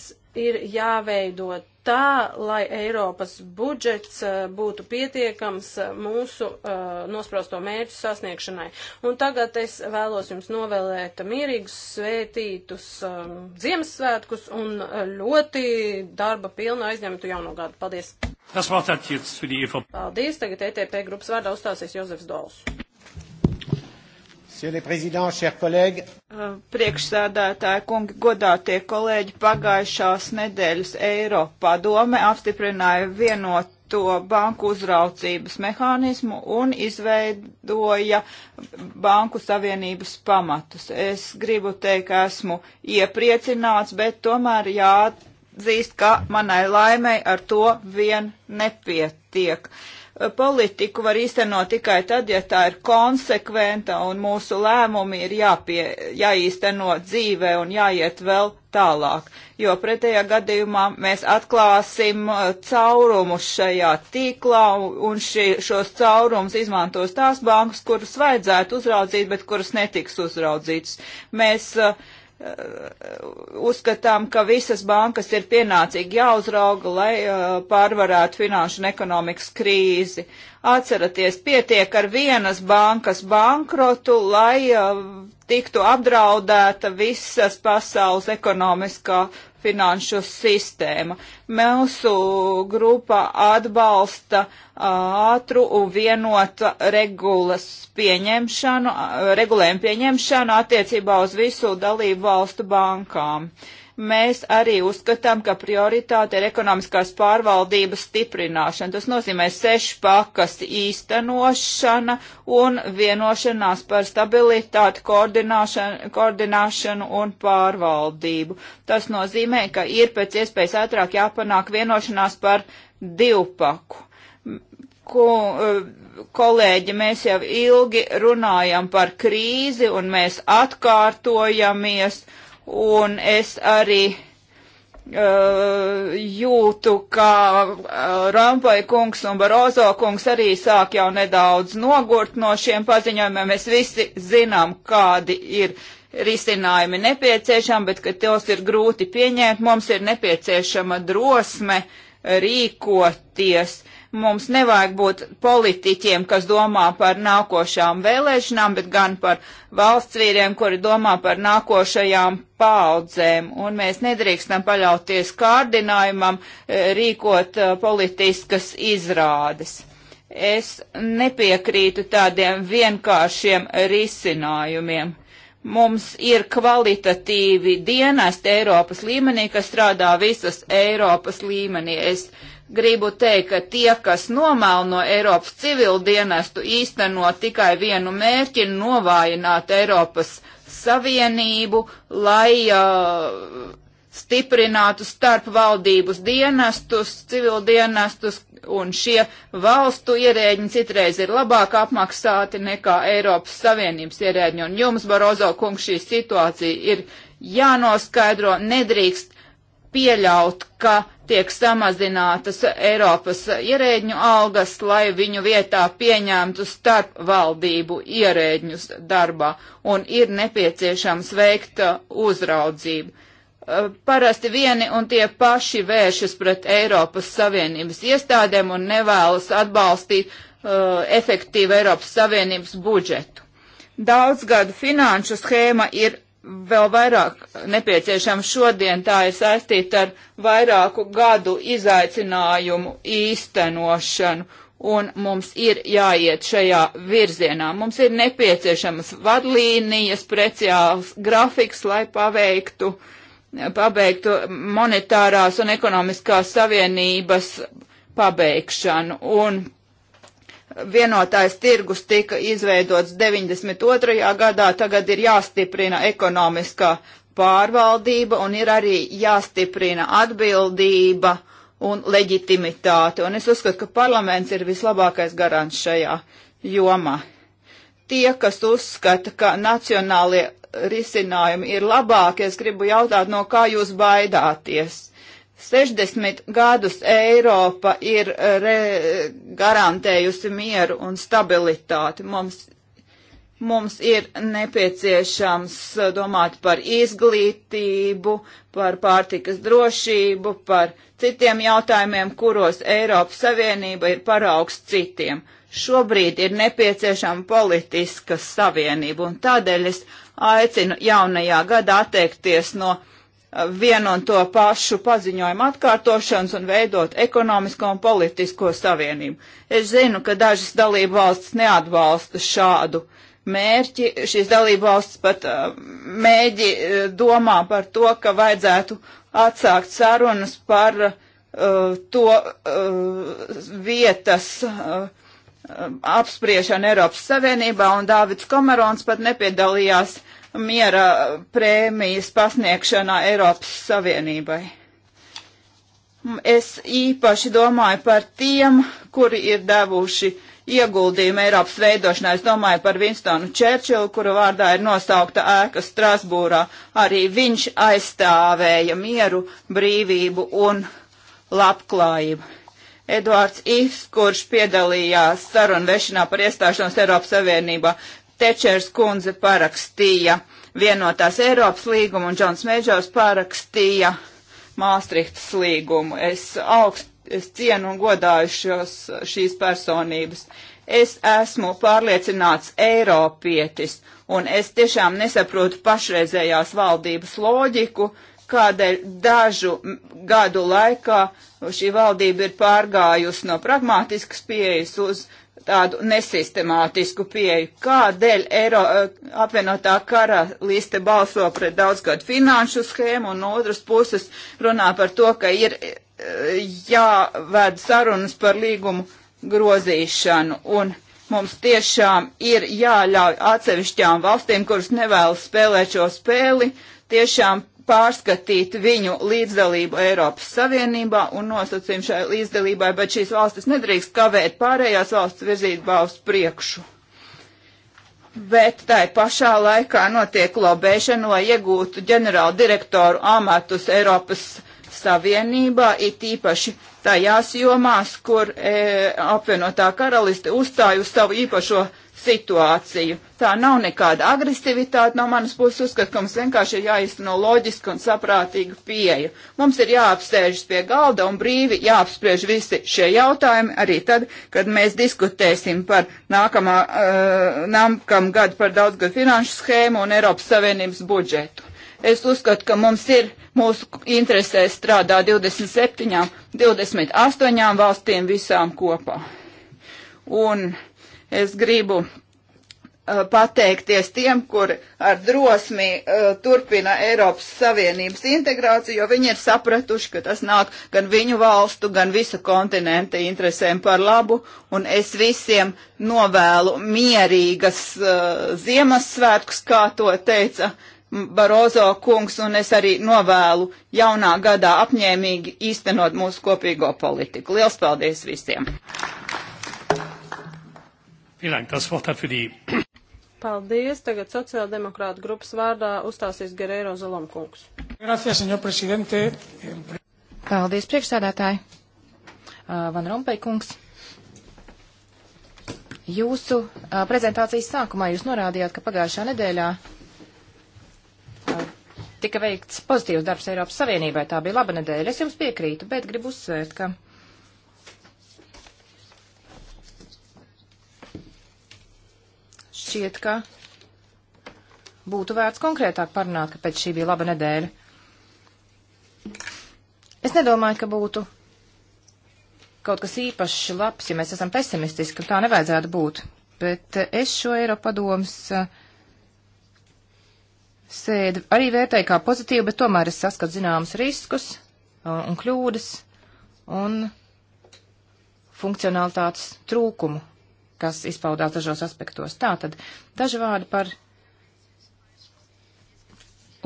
[SPEAKER 1] ir jāveido tā, lai Eiropas budžets uh, būtu pietiekams uh, mūsu uh, nosprosto mērķu sasniegšanai. Un tagad es vēlos jums novēlēt mierīgus, svētītus um, Ziemassvētkus un uh, ļoti darba pilnu aizņemtu jauno gadu. Paldies! Tas var tad jetzt für die EVP. Paldies, tagad ETP grupas vārdā uzstāsies Jozefs Dols. Uh,
[SPEAKER 3] priekšsēdētāji, kungi, godātie kolēģi, pagājušās nedēļas Eiropa padome apstiprināja vienoto banku uzraucības mehānismu un izveidoja banku savienības pamatus. Es gribu teikt, ka esmu iepriecināts, bet tomēr jāatbalsta atzīst, ka manai laimei ar to vien nepietiek. Politiku var īstenot tikai tad, ja tā ir konsekventa un mūsu lēmumi ir jāpie, jāīsteno dzīvē un jāiet vēl tālāk, jo pretējā gadījumā mēs atklāsim uh, caurumus šajā tīklā un šī, šos caurumus izmantos tās bankas, kuras vajadzētu uzraudzīt, bet kuras netiks uzraudzītas. Mēs uh, Eh, uzskatām, ka visas bankas ir pienācīgi jāuzrauga, lai uh, pārvarētu finanšu un ekonomikas krīzi. Atceraties, pietiek ar vienas bankas bankrotu, lai uh, tiktu apdraudēta visas pasaules ekonomiskā finanšu sistēma. Mūsu grupa atbalsta uh, ātru un vienotu regulas pieņemšanu, uh, regulējumu pieņemšanu attiecībā uz visu dalību valstu bankām. Uh, mēs arī uzskatām, ka prioritāte ir ekonomiskās pārvaldības stiprināšana. Tas nozīmē sešu pakas īstenošana un vienošanās par stabilitāti, koordināšanu, koordināšanu un pārvaldību. Tas nozīmē, ka ir pēc iespējas ātrāk jāpanāk vienošanās par divpaku. Ko, eh, kolēģi, mēs jau ilgi runājam par krīzi un mēs atkārtojamies un es arī uh, jūtu, ka uh, Rampoja kungs un Barozo kungs arī sāk jau nedaudz nogurt no šiem paziņojumiem. Mēs visi zinām, kādi ir risinājumi nepieciešami, bet ka tos ir grūti pieņemt, mums ir nepieciešama drosme rīkoties. Mums nevajag būt politiķiem, kas domā par nākošām vēlēšanām, bet gan par valsts vīriem, kuri domā par nākošajām paudzēm. Un mēs nedrīkstam paļauties kārdinājumam eh, rīkot eh, politiskas izrādes. Es nepiekrītu tādiem vienkāršiem risinājumiem. Mums ir kvalitatīvi dienesti Eiropas līmenī, kas strādā visas Eiropas līmenī. Es gribu teikt, ka tie, kas nomelno Eiropas civilu dienestu, īsteno tikai vienu mērķi - novājināt Eiropas Savienību, lai uh, stiprinātu starpvaldības dienestus, civilu dienestus, un šie valstu ierēģi citreiz ir labāk apmaksāti nekā Eiropas Savienības ierēģi. Un jums, Barozo kungs, šī situācija ir jānoskaidro, nedrīkst pieļaut, ka tiek samazinātas Eiropas ierēģņu algas, lai viņu vietā pieņemtu starp valdību ierēģņus darbā, un ir nepieciešams veikt uh, uzraudzību. Uh, parasti vieni un tie paši vēršas pret Eiropas Savienības iestādēm un nevēlas atbalstīt uh, efektīvu Eiropas Savienības budžetu. Daudzgadu finanšu schēma ir vēl vairāk nepieciešams šodien, tā ir saistīta ar vairāku gadu izaicinājumu īstenošanu, un mums ir jāiet šajā virzienā. Mums ir nepieciešamas vadlīnijas, speciāls grafiks, lai paveiktu, pabeigtu monetārās un ekonomiskās savienības pabeigšanu. Un Vienotais tirgus tika izveidots 92. gadā, tagad ir jāstiprina ekonomiskā pārvaldība un ir arī jāstiprina atbildība un leģitimitāte. Un es uzskatu, ka parlaments ir vislabākais garants šajā jomā. Tie, kas uzskata, ka nacionālie risinājumi ir labāki, es gribu jautāt, no kā jūs baidāties? 60 gadus Eiropa ir e, re, garantējusi mieru un stabilitāti. Mums, mums ir nepieciešams e, domāt par izglītību, par pārtikas drošību, par citiem jautājumiem, kuros Eiropas Savienība ir paraugs citiem šobrīd ir nepieciešama politiska savienība, un tādēļ es aicinu jaunajā gadā atteikties no vienu un to pašu paziņojumu atkārtošanas un veidot ekonomisko un politisko savienību. Es zinu, ka dažas dalību valstis neatbalsta šādu mērķi. Šīs dalību valstis pat uh, mēģi uh, domā par to, ka vajadzētu atsākt sarunas par uh, to uh, vietas uh, apspriešanu Eiropas Savienībā, un Dāvids Komerons pat nepiedalījās uh, miera prēmijas pasniegšanā Eiropas Savienībai. Es īpaši domāju par tiem, kuri ir devuši ieguldījumu Eiropas veidošanā. Es domāju par Winstonu Čērčilu, kura vārdā ir nosaukta ēka Strasbūrā. Arī viņš aizstāvēja mieru, brīvību un labklājību. Eduards Ifs, kurš piedalījās sarunu vešanā par iestāšanos Eiropas Savienībā, Tečers kundze parakstīja vienotās Eiropas līgumu un Džons Mežovs parakstīja Māstrihtas līgumu. Es augstu, es cienu un godāju šos, šīs personības. Es esmu pārliecināts Eiropietis un es tiešām nesaprotu pašreizējās valdības loģiku, kādēļ dažu gadu laikā šī valdība ir pārgājusi no pragmātiskas pieejas uz uh, tādu nesistemātisku pieeju. Kādēļ Eiro, eh, apvienotā kara liste balso pret daudzgadu finanšu schēmu un no otras puses runā par to, ka ir eh, jāved sarunas par līgumu grozīšanu un mums tiešām ir jāļauj atsevišķām valstīm, kuras nevēlas spēlēt šo spēli, tiešām pārskatīt viņu līdzdalību Eiropas Savienībā un nosacījumu šai līdzdalībai, bet šīs valstis nedrīkst kavēt pārējās valsts virzībā uz priekšu. Bet tai pašā laikā notiek lobēšana, lai iegūtu ģenerāla direktoru amatus Eiropas Savienībā, it īpaši tajās jomās, kur e, apvienotā karaliste uzstāj uz savu īpašo situāciju. Tā nav nekāda agresivitāte no manas puses uzskat, ka mums vienkārši ir jāizteno loģiska un saprātīga pieeja. Mums ir jāapsēžas pie galda un brīvi jāapspriež visi šie jautājumi arī tad, kad mēs diskutēsim par nākamā, uh, eh, nākam gadu par daudzgadu finanšu schēmu un Eiropas Savienības budžetu. Es uzskatu, ka mums ir mūsu interesēs strādā 27, 28 valstīm visām kopā. Un Es gribu uh, pateikties tiem, kuri ar drosmi uh, turpina Eiropas Savienības integrāciju, jo viņi ir sapratuši, ka tas nāk gan viņu valstu, gan visu kontinenta interesēm par labu, un es visiem novēlu mierīgas uh, Ziemassvētkus, kā to teica Barozo kungs, un es arī novēlu jaunā gadā apņēmīgi īstenot mūsu kopīgo politiku. Liels paldies visiem!
[SPEAKER 1] Paldies. Tagad sociāldemokrāta grupas vārdā uzstāsies Gerēro Zalomkungs. Gracias, senor presidente.
[SPEAKER 2] Paldies, priekšsādātāji. Van Rompeikungs. Jūsu a, prezentācijas sākumā jūs norādījāt, ka pagājušā nedēļā a, tika veikts pozitīvs darbs Eiropas Savienībai. Tā bija laba nedēļa. Es jums piekrītu, bet gribu uzsvērt, ka šķiet, ka būtu vērts konkrētāk parunāt, ka pēc šī bija laba nedēļa. Es nedomāju, ka būtu kaut kas īpaši labs, ja mēs esam pesimistiski, un tā nevajadzētu būt. Bet eh, es šo Eiropadomas eh, sēdi arī vērtēju kā pozitīvu, bet tomēr es saskatu zināmus riskus eh, un kļūdas un funkcionalitātes trūkumu kas izpaudās dažos aspektos. Tātad daži vārdi par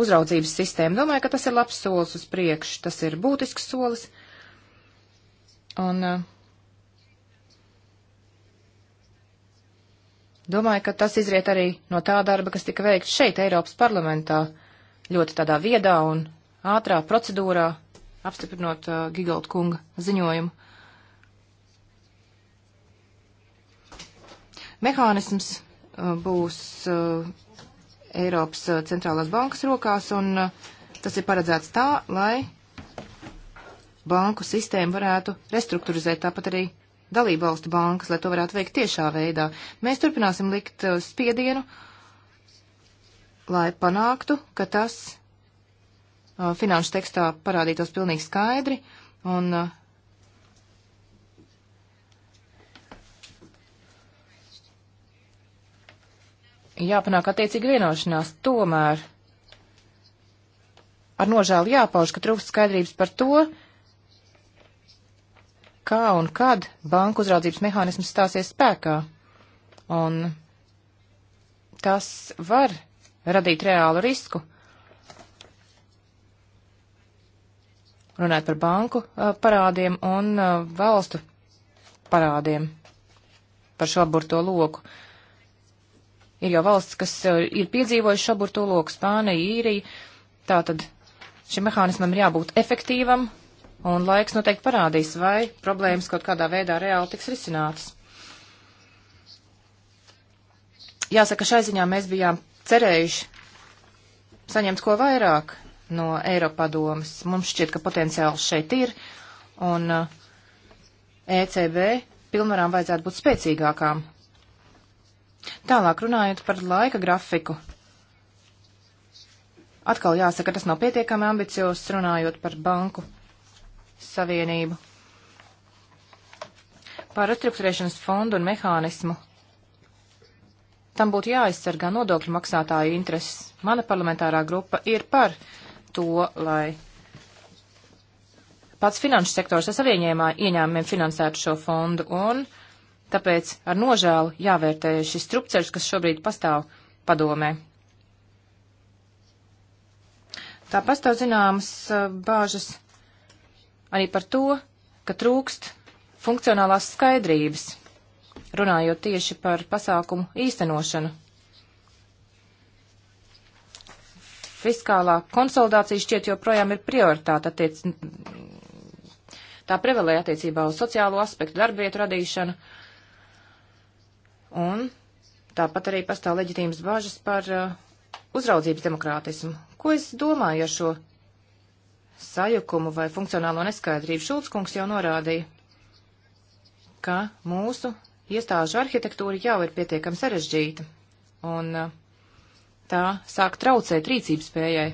[SPEAKER 2] uzraudzības sistēmu. Domāju, ka tas ir labs solis uz priekšu, tas ir būtisks solis. Un uh, Domāju, ka tas izriet arī no tā darba, kas tika veikts šeit, Eiropas parlamentā, ļoti tādā viedā un ātrā procedūrā, apstiprinot uh, Gigolda kunga ziņojumu. mehānisms uh, būs uh, Eiropas uh, centrālās bankas rokās, un tas ir paredzēts tā, lai banku sistēmu varētu restruktūrizēt, tāpat arī dalībvalstu bankas, lai to varētu veikt tiešā veidā. Mēs turpināsim likt spiedienu, lai panāktu, ka tas finanšu tekstā parādītos pilnīgi skaidri, un uh, jāpanāk attiecīgi vienošanās. Tomēr ar nožēlu jāpauž, ka trūkst skaidrības par to, kā un kad banku uzraudzības mehānisms stāsies spēkā. Un tas var radīt reālu risku. Runājot par banku parādiem un valstu parādiem par šo aburto loku. Uh, Ir jau valsts, kas eh, ir piedzīvojuši šaburtūloku, Spānija, Īrija. Tātad šim mehānismam ir jābūt efektīvam, un laiks noteikti parādīs, vai problēmas kaut kādā veidā reāli tiks risinātas. Jāsaka, šai ziņā mēs bijām cerējuši saņemt ko vairāk no Eiropadomas. Mums šķiet, ka potenciāls šeit ir, un ECB eh, e pilnvarām vajadzētu būt spēcīgākām Tālāk runājot par laika grafiku. Atkal jāsaka, tas nav pietiekami ambiciozs runājot par banku savienību. Par restruktūrēšanas fondu un mehānismu. Tam būtu jāaizsargā nodokļu maksātāju intereses. Mana parlamentārā grupa ir par to, lai pats finanšu sektors ar savieņēmā ieņēmumiem finansētu šo fondu un uh, Tāpēc ar nožēlu jāvērtē šis strupceļš, kas šobrīd pastāv padomē. Tā pastāv zināmas eh, bāžas arī par to, ka trūkst funkcionālās skaidrības, runājot tieši par pasākumu īstenošanu. Fiskālā konsolidācija šķiet joprojām ir prioritāte attiec... tā prevalē attiecībā uz sociālo aspektu, darbvietu radīšanu Un tāpat arī pastāv leģitīmas bažas par uh, uzraudzības demokrātismu. Ko es domāju ar šo sajukumu vai funkcionālo neskaidrību? Šulckungs jau norādīja, ka mūsu iestāžu arhitektūra jau ir pietiekami sarežģīta, un uh, tā sāk traucēt rīcības spējai.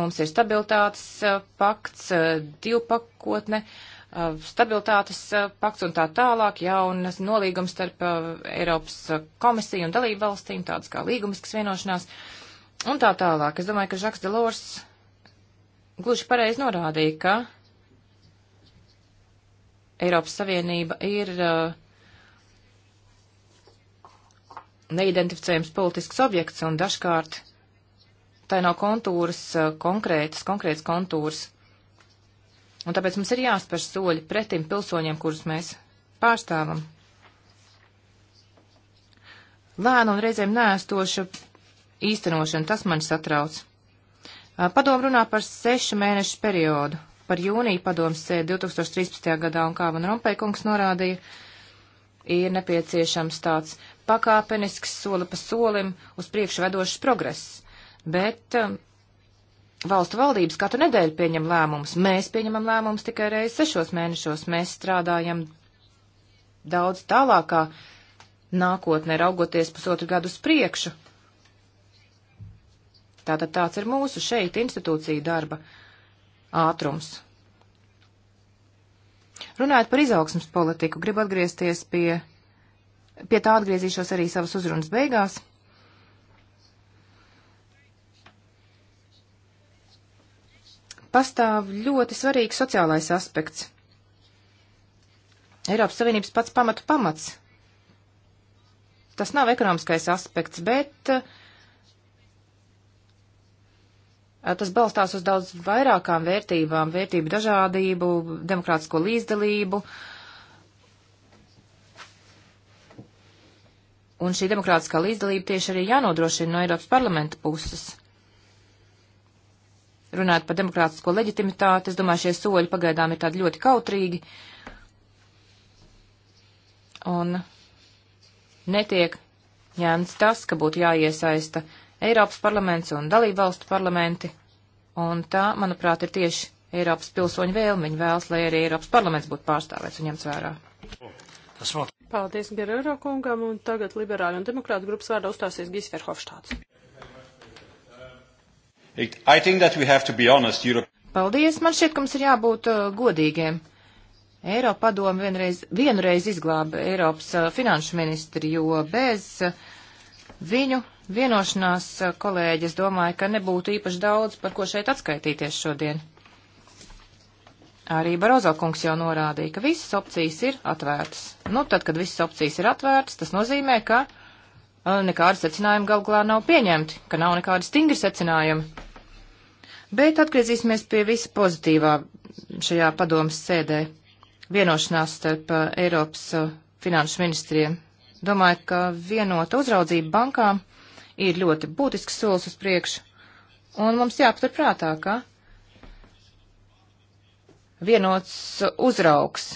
[SPEAKER 2] Mums ir stabilitātes uh, pakts, uh, divpakotne, uh, Uh, stabilitātes uh, pakts un tā tālāk, jaunas nolīgums starp uh, Eiropas komisiju un dalību valstīm, tādas kā līgumiskas vienošanās un tā tālāk. Es domāju, ka Žaks Delors gluži pareizi norādīja, ka Eiropas Savienība ir neidentificējams politisks objekts un dažkārt tai nav kontūras konkrētas, konkrētas kontūras. Un tāpēc mums ir jāspēr soļi pretim pilsoņiem, kurus mēs pārstāvam. Lēna un reizēm nēstoša īstenošana, tas man satrauc. Padomu runā par sešu mēnešu periodu, par jūniju padomas 2013. gadā, un kā man Rompēkungs norādīja, ir nepieciešams tāds pakāpenisks soli pa solim uz priekšu vedošs progress. Bet um, Valstu valdības katru nedēļu pieņem lēmumus. Mēs pieņemam lēmumus tikai reizi sešos mēnešos. Mēs strādājam daudz tālākā nākotnē, raugoties pusotru gadu uz priekšu. Tātad tāds ir mūsu šeit institūcija darba ātrums. Runājot par izaugsmas politiku, gribu atgriezties pie, pie tā atgriezīšos arī savas uzrunas beigās. pastāv ļoti svarīgs sociālais aspekts. Eiropas Savienības pats pamatu pamats. Tas nav ekonomiskais aspekts, bet uh, Tas balstās uz daudz vairākām vērtībām - vērtību dažādību, demokrātisko līdzdalību. Un šī demokrātiskā līdzdalība tieši arī jānodrošina no Eiropas parlamenta puses runājot par demokrātisko leģitimitāti, es domāju, šie soļi pagaidām ir tādi ļoti kautrīgi un netiek ņemts tas, ka būtu jāiesaista Eiropas parlaments un dalību valstu parlamenti, un tā, manuprāt, ir tieši Eiropas pilsoņu vēlme. Viņi vēlas, lai arī Eiropas parlaments būtu pārstāvēts un ņemts vērā.
[SPEAKER 1] Paldies Gerero kungam, un tagad liberāļu un demokrātu grupas vārdā uzstāsies Gīs Verhofštāts. Honest, Europe... Paldies,
[SPEAKER 2] man šķiet, ka mums ir jābūt uh, godīgiem. Eiropa padomu vienreiz, vienreiz izglāba Eiropas uh, finanšu ministri, jo bez uh, viņu vienošanās, uh, kolēģi, es domāju, ka nebūtu īpaši daudz, par ko šeit atskaitīties šodien. Arī Barozo kungs jau norādīja, ka visas opcijas ir atvērtas. Nu, tad, kad visas opcijas ir atvērtas, tas nozīmē, ka uh, nekādi secinājumi galu galā nav pieņemti, ka nav nekādi stingri secinājumi. Bet atgriezīsimies pie visa pozitīvā šajā padomas sēdē - vienošanās starp Eiropas finanšu ministriem. Domāju, ka vienota uzraudzība bankām ir ļoti būtisks solis uz priekšu, un mums jāpatur prātā, ka vienots uzraugs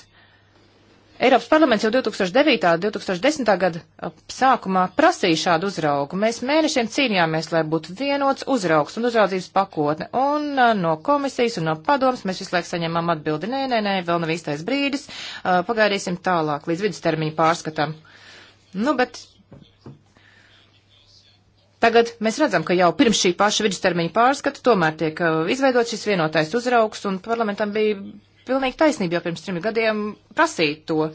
[SPEAKER 2] Eiropas parlaments jau 2009. un 2010. gada sākumā prasīja šādu uzraugu. Mēs mēnešiem cīnījāmies, lai būtu vienots uzraugs un uzraudzības pakotne. Un no komisijas un no padomas mēs visu laiku saņemam atbildi, nē, nē, nē, vēl nav īstais brīdis, pagaidīsim tālāk līdz vidustermiņu pārskatam. Nu, bet Tagad mēs redzam, ka jau pirms šī paša vidustermiņa pārskata tomēr tiek uh, izveidots šis vienotais uzraugs, un parlamentam bija pilnīgi taisnība jau pirms trim gadiem prasīt to.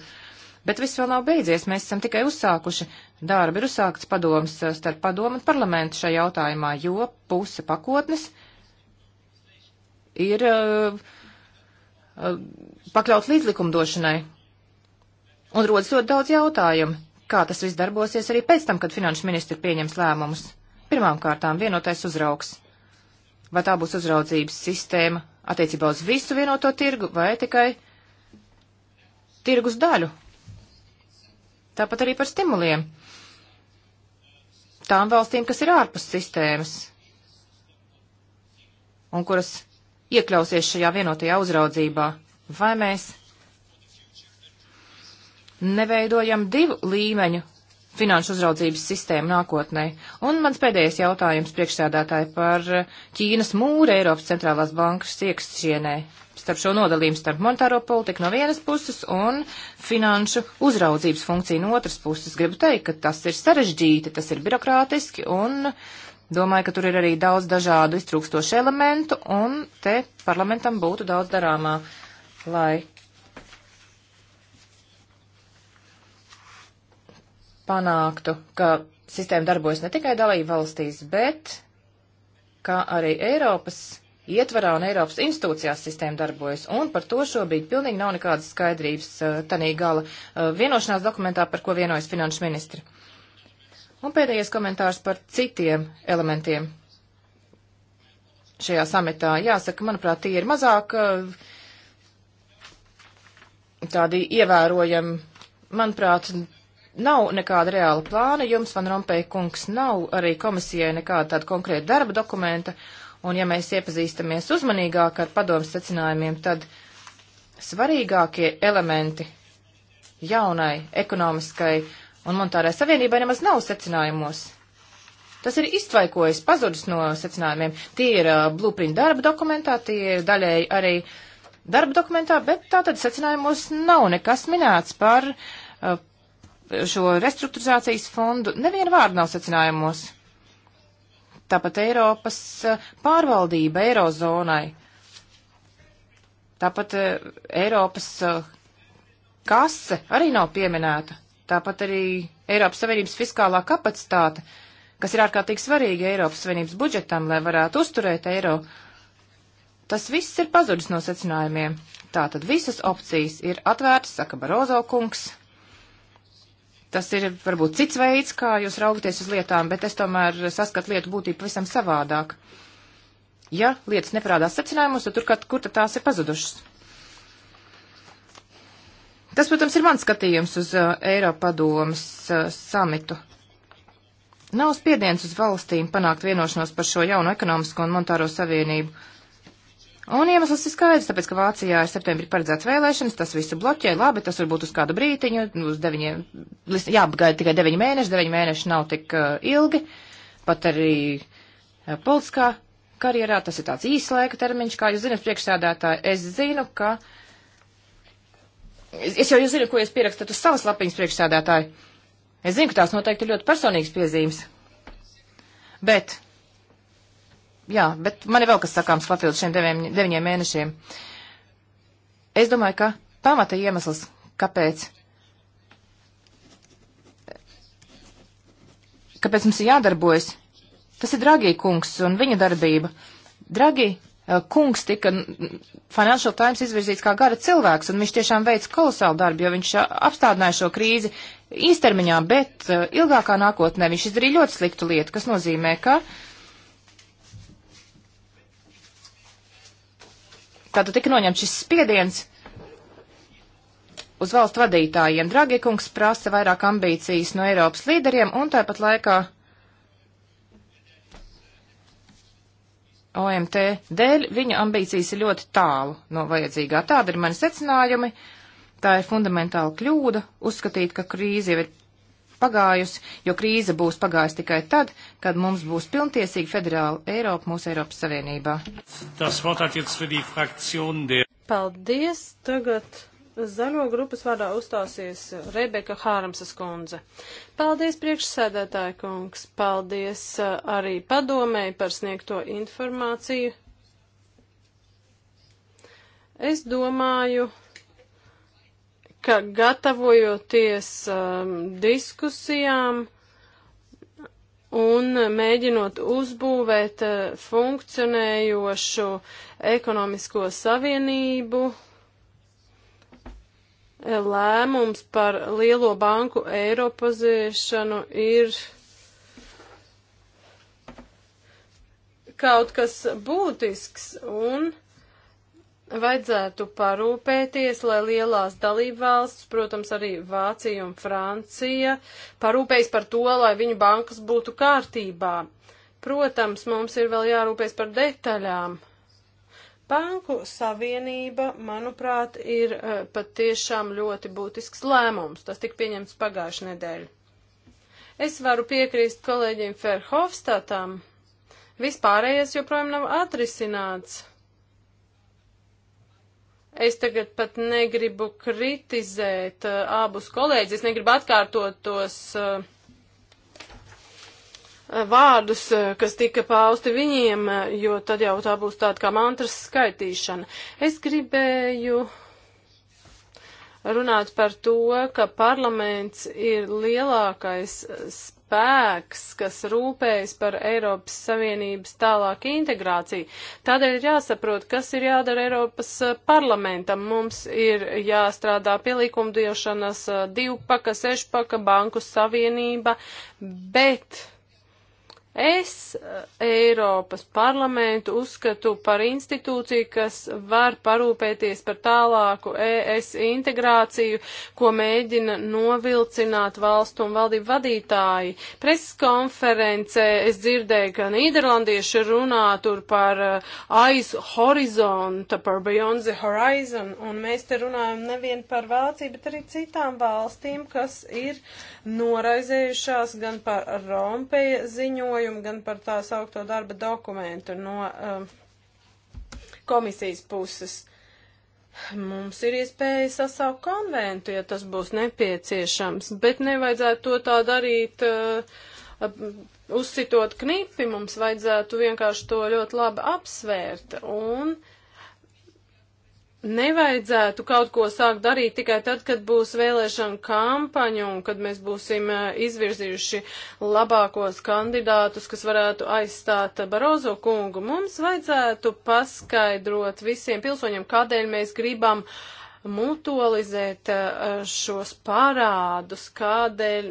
[SPEAKER 2] Bet viss vēl nav beidzies, mēs esam tikai uzsākuši darbu, ir uzsākts padoms eh, starp padomu un parlamentu šajā jautājumā, jo puse pakotnes ir uh, eh, uh, eh, pakļauts līdzlikumdošanai. Un rodas ļoti daudz jautājumu, kā tas viss darbosies arī pēc tam, kad finanšu ministri pieņems lēmumus. Pirmām kārtām vienotais uzraugs. Vai tā būs uzraudzības sistēma attiecībā uz visu vienoto tirgu vai tikai tirgus daļu. Tāpat arī par stimuliem. Tām valstīm, kas ir ārpus sistēmas un kuras iekļausies šajā vienotajā uzraudzībā, vai mēs neveidojam divu līmeņu finanšu uzraudzības sistēmu nākotnē. Un mans pēdējais jautājums priekšsēdētāji par eh, Ķīnas mūru Eiropas centrālās bankas iekšķienē starp šo nodalījumu starp monetāro politiku no vienas puses un finanšu uzraudzības funkciju no otras puses. Gribu teikt, ka tas ir sarežģīti, tas ir birokrātiski un domāju, ka tur ir arī daudz dažādu iztrūkstošu elementu un te parlamentam būtu daudz darāmā, lai panāktu, ka sistēma darbojas ne tikai dalību valstīs, bet kā arī Eiropas ietvarā un Eiropas institūcijās sistēma darbojas, un par to šobrīd pilnīgi nav nekādas skaidrības uh, tanī gala uh, vienošanās dokumentā, par ko vienojas finanšu ministri. Un pēdējais komentārs par citiem elementiem šajā sametā. Jāsaka, manuprāt, tie ir mazāk uh, tādi ievērojami. Manuprāt, nav nekāda reāla plāna, jums, Van Rompēja kungs, nav arī komisijai nekāda tāda konkrēta darba dokumenta, un ja mēs iepazīstamies uzmanīgāk ar padomus secinājumiem, tad svarīgākie elementi jaunai ekonomiskai un monetārai savienībai nemaz nav secinājumos. Tas ir iztvaikojis, pazudis no secinājumiem. Tie ir uh, blueprint darba dokumentā, tie ir daļēji arī darba dokumentā, bet tātad secinājumos nav nekas minēts par uh, šo restruktūrizācijas fondu neviena vārda nav secinājumos. Tāpat Eiropas eh, pārvaldība Eirozonai, tāpat eh, Eiropas eh, kase arī nav pieminēta, tāpat arī Eiropas Savienības fiskālā kapacitāte, kas ir ārkārtīgi svarīga Eiropas Savienības budžetam, lai varētu uzturēt eiro. Tas viss ir pazudis no secinājumiem. Tātad visas opcijas ir atvērtas, saka Barozo kungs. Tas ir varbūt cits veids, kā jūs raugaties uz lietām, bet es tomēr saskatu lietu būtību pavisam savādāk. Ja lietas neparādās secinājumos, tad turklāt, kur tad tās ir pazudušas? Tas, protams, ir mans skatījums uz uh, Eiropadomas uh, samitu. Nav spiediens uz valstīm panākt vienošanos par šo jaunu ekonomisko un monetāro savienību. Un iemesls ir skaidrs, tāpēc, ka Vācijā ir septembrī paredzēts vēlēšanas, tas visu bloķē, labi, tas varbūt uz kādu brītiņu, uz deviņiem, jāapgaida tikai deviņi mēneši, deviņi mēneši nav tik uh, ilgi, pat arī uh, politiskā karjerā, tas ir tāds īsts laika termiņš, kā jūs zinat, priekšsēdētāji, es zinu, ka, es, es jau jūs zinu, ko jūs pierakstat uz savas lapiņas priekšsēdētāji, es zinu, ka tās noteikti ir ļoti personīgas piezīmes, bet jā, bet man ir vēl kas sakāms papildus šiem deviem, deviņiem mēnešiem. Es domāju, ka pamata iemesls, kāpēc, kāpēc mums ir jādarbojas, tas ir Dragī kungs un viņa darbība. Dragī eh, kungs tika Financial Times izvirzīts kā gara cilvēks, un viņš tiešām veic kolosālu darbu, jo viņš eh, apstādināja šo krīzi īstermiņā, bet eh, ilgākā nākotnē viņš izdarīja ļoti sliktu lietu, kas nozīmē, ka uh, Tātad tika noņemts šis spiediens uz valstu vadītājiem. Dragie kungs prasa vairāk ambīcijas no Eiropas līderiem un tāpat laikā OMT dēļ viņa ambīcijas ir ļoti tālu no vajadzīgā. Tāda ir mani secinājumi. Tā ir fundamentāla kļūda uzskatīt, ka krīze jau ir pagājusi, jo krīze būs pagājusi tikai tad, kad mums būs pilntiesīga federāla Eiropa mūsu Eiropas Savienībā.
[SPEAKER 1] Paldies! Tagad zaļo grupas vārdā uzstāsies Rebeka Hāramsas kundze. Paldies priekšsēdētāja kungs, paldies uh, arī padomēji par sniegto informāciju. Es domāju, ka gatavojoties um, diskusijām un mēģinot uzbūvēt uh, funkcionējošu ekonomisko savienību, lēmums par lielo banku eiropaziešanu ir kaut kas būtisks un vajadzētu parūpēties, lai lielās dalībvalsts, protams, arī Vācija un Francija, parūpējas par to, lai viņu bankas būtu kārtībā. Protams, mums ir vēl jārūpēs par detaļām. Banku savienība, manuprāt, ir uh, patiešām ļoti būtisks lēmums. Tas tika pieņemts pagājušajā nedēļā. Es varu piekrīst kolēģim Ferhofstatam. Vispārējais joprojām nav atrisināts Es tagad pat negribu kritizēt uh, abus kolēģis, es negribu atkārtot tos uh, uh, vārdus, uh, kas tika pausti viņiem, uh, jo tad jau tā būs tāda kā mantras skaitīšana. Es gribēju runāt par to, ka parlaments ir lielākais spēks, kas rūpējas par Eiropas Savienības tālāku integrāciju. Tādēļ ir jāsaprot, kas ir jādara Eiropas eh, parlamentam. Mums ir jāstrādā pie likumdošanas eh, divpaka, sešpaka, banku savienība, bet Es eh, Eiropas parlamentu uzskatu par institūciju, kas var parūpēties par tālāku ES integrāciju, ko mēģina novilcināt valstu un valdību vadītāji. Preses konferencē es dzirdēju, ka nīderlandieši runā tur par eh, aiz horizonta, par beyond the horizon, un mēs te runājam nevien par Vāciju, bet arī citām valstīm, kas ir noraizējušās gan par Rompeja ziņojumu, paziņojumu, gan par tā saukto darba dokumentu no um, komisijas puses. Mums ir iespēja sasaukt konventu, ja tas būs nepieciešams, bet nevajadzētu to tā darīt, uh, uzsitot knipi, mums vajadzētu vienkārši to ļoti labi apsvērt. Un uh, nevajadzētu kaut ko sākt darīt tikai tad, kad būs vēlēšana kampaņa un kad mēs būsim eh, izvirzījuši labākos kandidātus, kas varētu aizstāt Barozo kungu. Mums vajadzētu paskaidrot visiem pilsoņiem, kādēļ mēs gribam mutualizēt eh, šos parādus, kādēļ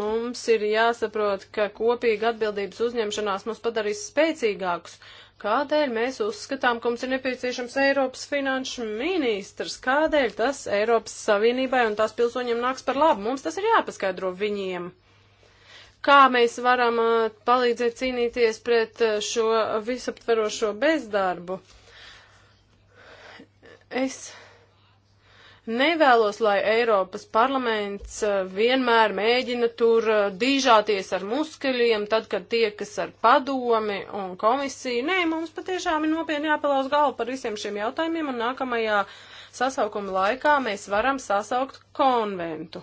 [SPEAKER 1] mums ir jāsaprot, ka kopīga atbildības uzņemšanās mums padarīs spēcīgākus. Uh, Kādēļ mēs uzskatām, ka mums ir nepieciešams Eiropas finanšu ministrs? Kādēļ tas Eiropas Savienībai un tās pilsoņiem nāks par labu? Mums tas ir jāpaskaidro viņiem kā mēs varam palīdzēt cīnīties pret šo visaptverošo bezdarbu. Es Nevēlos, lai Eiropas parlaments eh, vienmēr mēģina tur eh, dīžāties ar muskeļiem, tad, kad tiekas ar padomi un komisiju. Nē, mums patiešām ir nopietni jāpalauz galvu par visiem šiem jautājumiem, un nākamajā sasaukuma laikā mēs varam sasaukt konventu.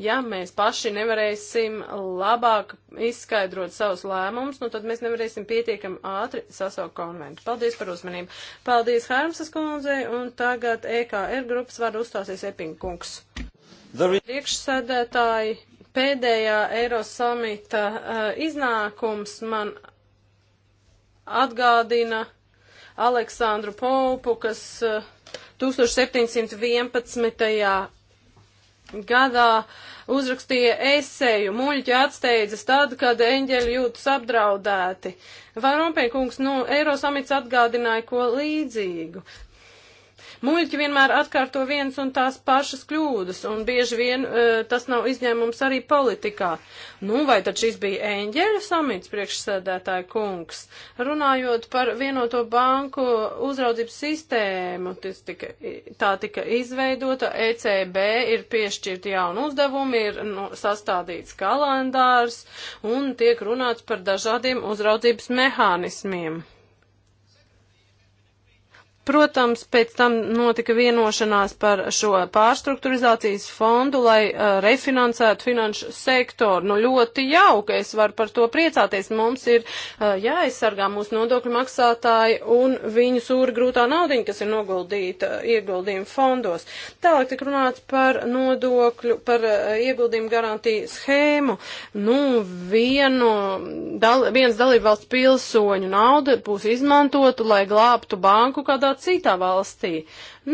[SPEAKER 1] Ja mēs paši nevarēsim labāk izskaidrot savus lēmumus, nu tad mēs nevarēsim pietiekami ātri sasaukt konventu. Paldies par uzmanību. Paldies Hārmsas kundzei un tagad EKR grupas var uzstāsies Epinkungs. Priekšsēdētāji, pēdējā Eirosamita uh, iznākums man atgādina Aleksandru Popu, kas uh, eh, 1711 gadā uzrakstīja esēju muļķi atsteidzas tad, kad eņģeļi jūtas apdraudēti. Vai Rompēkungs, nu, Eirosamits atgādināja ko līdzīgu. Muļķi vienmēr atkārto vienas un tās pašas kļūdas, un bieži vien e, tas nav izņēmums arī politikā. Nu, vai tad šis bija eņģeļu samits priekšsēdētāja kungs? Runājot par vienoto banku uzraudzības sistēmu, tika, tā tika izveidota, ECB ir piešķirti jauni uzdevumi, ir nu, sastādīts kalendārs un tiek runāts par dažādiem uzraudzības mehānismiem. Protams, pēc tam notika vienošanās par šo pārstruktūrizācijas fondu, lai uh, refinansētu finanšu sektoru. Nu, ļoti jauka, es varu par to priecāties. Mums ir uh, jāaizsargā mūsu nodokļu maksātāji un viņu sūri grūtā naudiņa, kas ir noguldīta uh, ieguldījuma fondos. Tālāk tik runāts par nodokļu, par uh, ieguldījumu garantiju schēmu. Nu, vienu, dal, viens dalībvalsts pilsoņu nauda būs izmantota, lai glābtu banku kādā strādā citā valstī.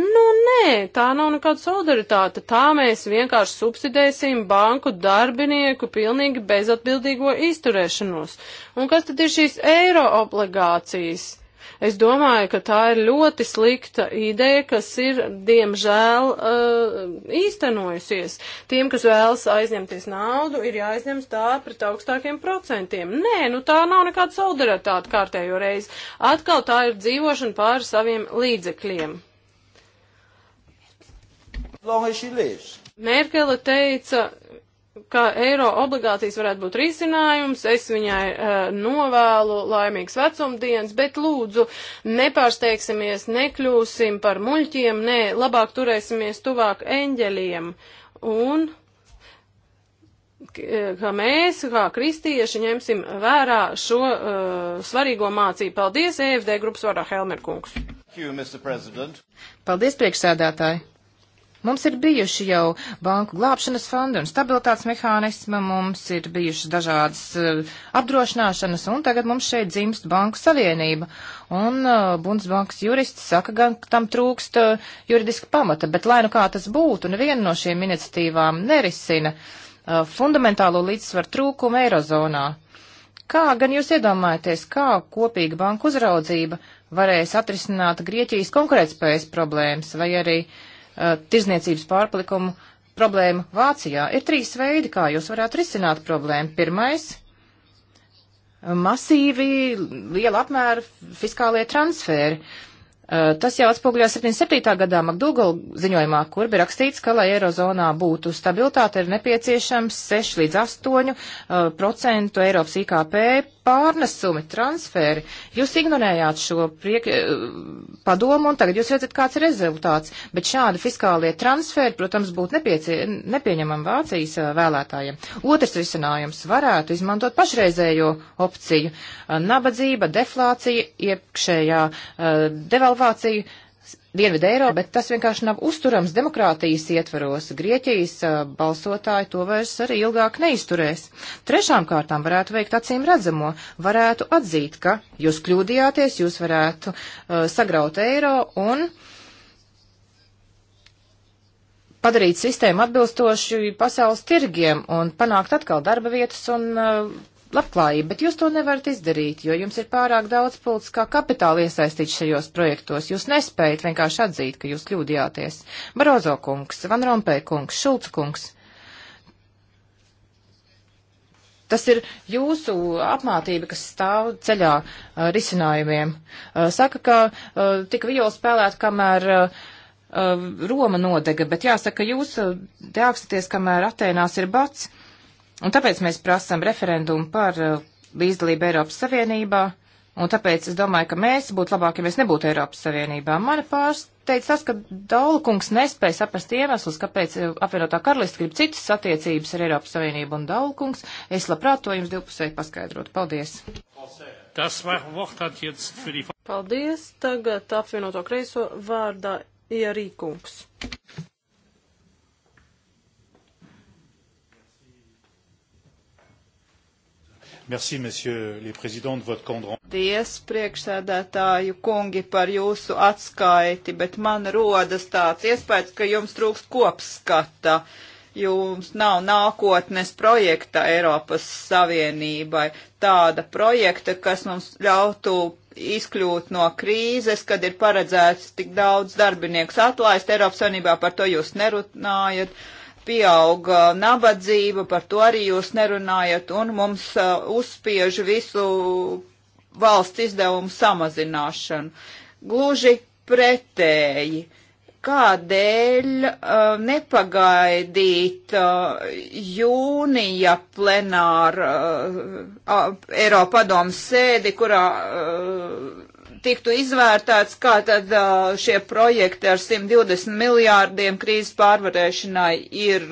[SPEAKER 1] Nu, nē, tā nav nekāda solidaritāte. Tā mēs vienkārši subsidēsim banku darbinieku pilnīgi bezatbildīgo izturēšanos. Un kas tad ir šīs eiro obligācijas? Es domāju, ka tā ir ļoti slikta ideja, kas ir, diemžēl, uh, īstenojusies. Tiem, kas vēlas aizņemties naudu, ir jāaizņems tā pret augstākiem procentiem. Nē, nu tā nav nekāda solidaritāte kārtējo reizi. Atkal tā ir dzīvošana pāri saviem līdzekļiem. Merkele teica, ka eiro obligācijas varētu būt risinājums. Es viņai uh, novēlu laimīgs vecumdienas, bet lūdzu nepārsteigsimies, nekļūsim par muļķiem, nē, labāk turēsimies tuvāk eņģeliem. Un eh, ka mēs, kā kristieši, ņemsim vērā šo uh, svarīgo mācību. Paldies, EFD grupas vārā Helmer kungs.
[SPEAKER 2] Paldies, priekšsēdētāji. Mums ir bijuši jau banku glābšanas fonda un stabilitātes mehānisma, mums ir bijušas dažādas uh, apdrošināšanas, un tagad mums šeit dzimst banku savienība. Un uh, Bundesbankas juristi saka, gan tam trūkst uh, juridiska pamata, bet lai nu kā tas būtu, neviena no šīm iniciatīvām nerisina uh, fundamentālo līdzsvaru trūkumu Eirozonā. Kā gan jūs iedomājaties, kā kopīga banku uzraudzība varēs atrisināt Grieķijas konkurētspējas problēmas vai arī uh, Uh, tirzniecības pārpalikumu problēmu Vācijā. Ir trīs veidi, kā jūs varētu risināt problēmu. Pirmais - masīvi, liela apmēra fiskālie transferi. Uh, tas jau atspoguļojās 77. gadā McDougall ziņojumā, kur bija rakstīts, ka, lai Eirozonā būtu stabilitāte, ir nepieciešams 6 līdz 8 uh, procentu Eiropas IKP pārnesumi, transferi. Jūs ignorējāt šo priek, eh, padomu un tagad jūs redzat, kāds ir rezultāts. Bet šādi fiskālie transferi, protams, būtu nepiecie, nepieņemami Vācijas eh, vēlētājiem. Otrs risinājums varētu izmantot pašreizējo opciju - nabadzība, deflācija, iekšējā eh, devalvācija Dienvidu Eiropu, bet tas vienkārši nav uzturams demokrātijas ietvaros. Grieķijas balsotāji to vairs arī ilgāk neizturēs. Trešām kārtām varētu veikt acīm redzamo, varētu atzīt, ka jūs kļūdījāties, jūs varētu uh, sagraut eiro un padarīt sistēmu atbilstoši pasaules tirgiem un panākt atkal darba vietas un uh, labklājību, bet jūs to nevarat izdarīt, jo jums ir pārāk daudz politiskā kapitāla iesaistīts šajos projektos. Jūs nespējat vienkārši atzīt, ka jūs kļūdījāties. Barozo kungs, Van Rompē kungs, Šulc kungs. Tas ir jūsu apmātība, kas stāv ceļā uh, risinājumiem. Uh, saka, ka uh, tika viola spēlēt, kamēr uh, uh, Roma nodega, bet jāsaka, jūs uh, te ākstaties, kamēr Atēnās ir bats. Uh, Un tāpēc mēs prasam referendumu par uh, līdzdalību Eiropas Savienībā. Un tāpēc es domāju, ka mēs būtu labāk, ja mēs nebūtu Eiropas Savienībā. Mani pārsteidz tas, ka Daulkungs nespēja saprast iemeslus, kāpēc uh, apvienotā karalista grib citas attiecības ar Eiropas Savienību un Daulkungs. Es labprāt to jums divpusēji paskaidrotu. Paldies!
[SPEAKER 1] Paldies! Tagad apvienoto kreiso vārdā Ierīkungs.
[SPEAKER 3] Merci, monsieur, les présidents, de votre compte rendu. Paldies, priekšsēdētāju kungi, par jūsu atskaiti, bet man rodas tāds iespējas, ka jums trūkst kopskata. Jums nav nākotnes projekta Eiropas Savienībai. Tāda projekta, kas mums ļautu izkļūt no krīzes, kad ir paredzēts tik daudz darbiniekus atlaist Eiropas Savienībā, par to jūs nerunājat pieauga nabadzība, par to arī jūs nerunājat, un mums uh, uzspiež visu valsts izdevumu samazināšanu. Gluži pretēji. Kādēļ uh, nepagaidīt uh, jūnija plenāra uh, Eiropadomas sēdi, kurā uh, tiktu izvērtēts, kā tad šie projekti ar 120 miljārdiem krīzes pārvarēšanai ir,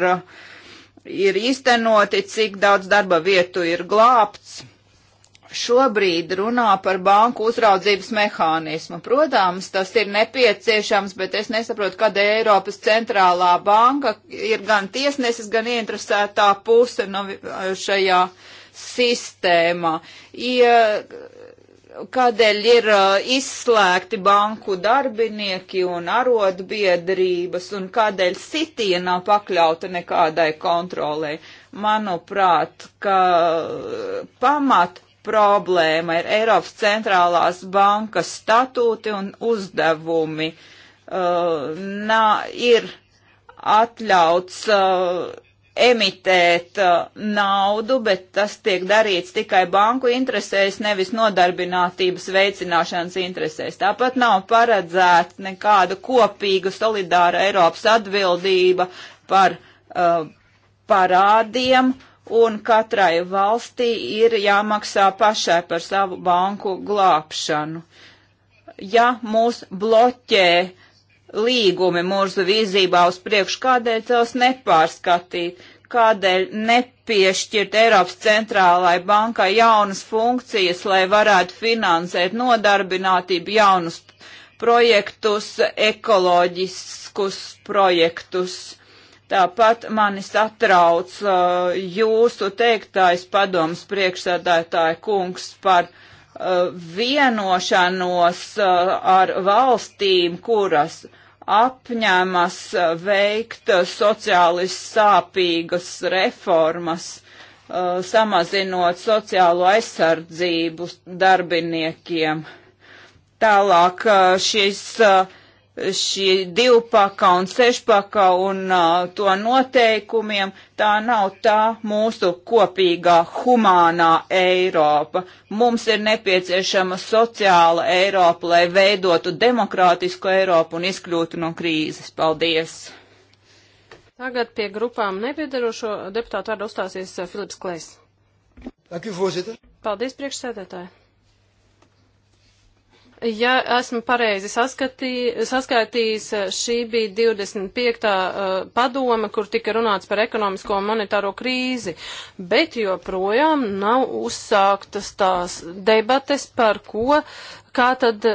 [SPEAKER 3] ir īstenoti, cik daudz darba vietu ir glābts. Šobrīd runā par banku uzraudzības mehānismu. Protams, tas ir nepieciešams, bet es nesaprotu, kad Eiropas centrālā banka ir gan tiesnesis, gan ieinteresētā puse no šajā sistēmā. Ja kādēļ ir uh, izslēgti banku darbinieki un arotbiedrības un kādēļ Sitija nav pakļauta nekādai kontrolē. Manuprāt, ka pamat problēma ir Eiropas centrālās bankas statūti un uzdevumi. Uh, nā, ir atļauts uh, emitēt uh, naudu, bet tas tiek darīts tikai banku interesēs, nevis nodarbinātības veicināšanas interesēs. Tāpat nav paredzēta nekāda kopīga solidāra Eiropas atbildība par uh, parādiem, un katrai valstī ir jāmaksā pašai par savu banku glābšanu. Ja mūs bloķē uh, līgumi mūsu vizībā uz priekšu, kādēļ tos nepārskatīt, kādēļ nepiešķirt Eiropas centrālai bankai jaunas funkcijas, lai varētu finansēt nodarbinātību jaunus projektus, ekoloģiskus projektus. Tāpat mani satrauc uh, jūsu teiktais padoms priekšsēdētāja kungs par uh, vienošanos uh, ar valstīm, kuras uh, apņēmas eh, veikt eh, sociāli sāpīgas reformas, uh, samazinot sociālo aizsardzību darbiniekiem. Tālāk šis uh, šī divpaka un sešpaka un uh, to noteikumiem, tā nav tā mūsu kopīgā humānā Eiropa. Mums ir nepieciešama sociāla Eiropa, lai veidotu demokrātisku Eiropu un izkļūtu no krīzes. Paldies!
[SPEAKER 1] Tagad pie grupām nepiedarošo deputātu vārdu uzstāsies Filips Klēs. Paldies, priekšsēdētāji! Ja esmu pareizi saskaitījis, šī bija 25. Uh, eh, padome, kur tika runāts par ekonomisko un monetāro krīzi, bet joprojām nav uzsāktas tās debates par ko, kā tad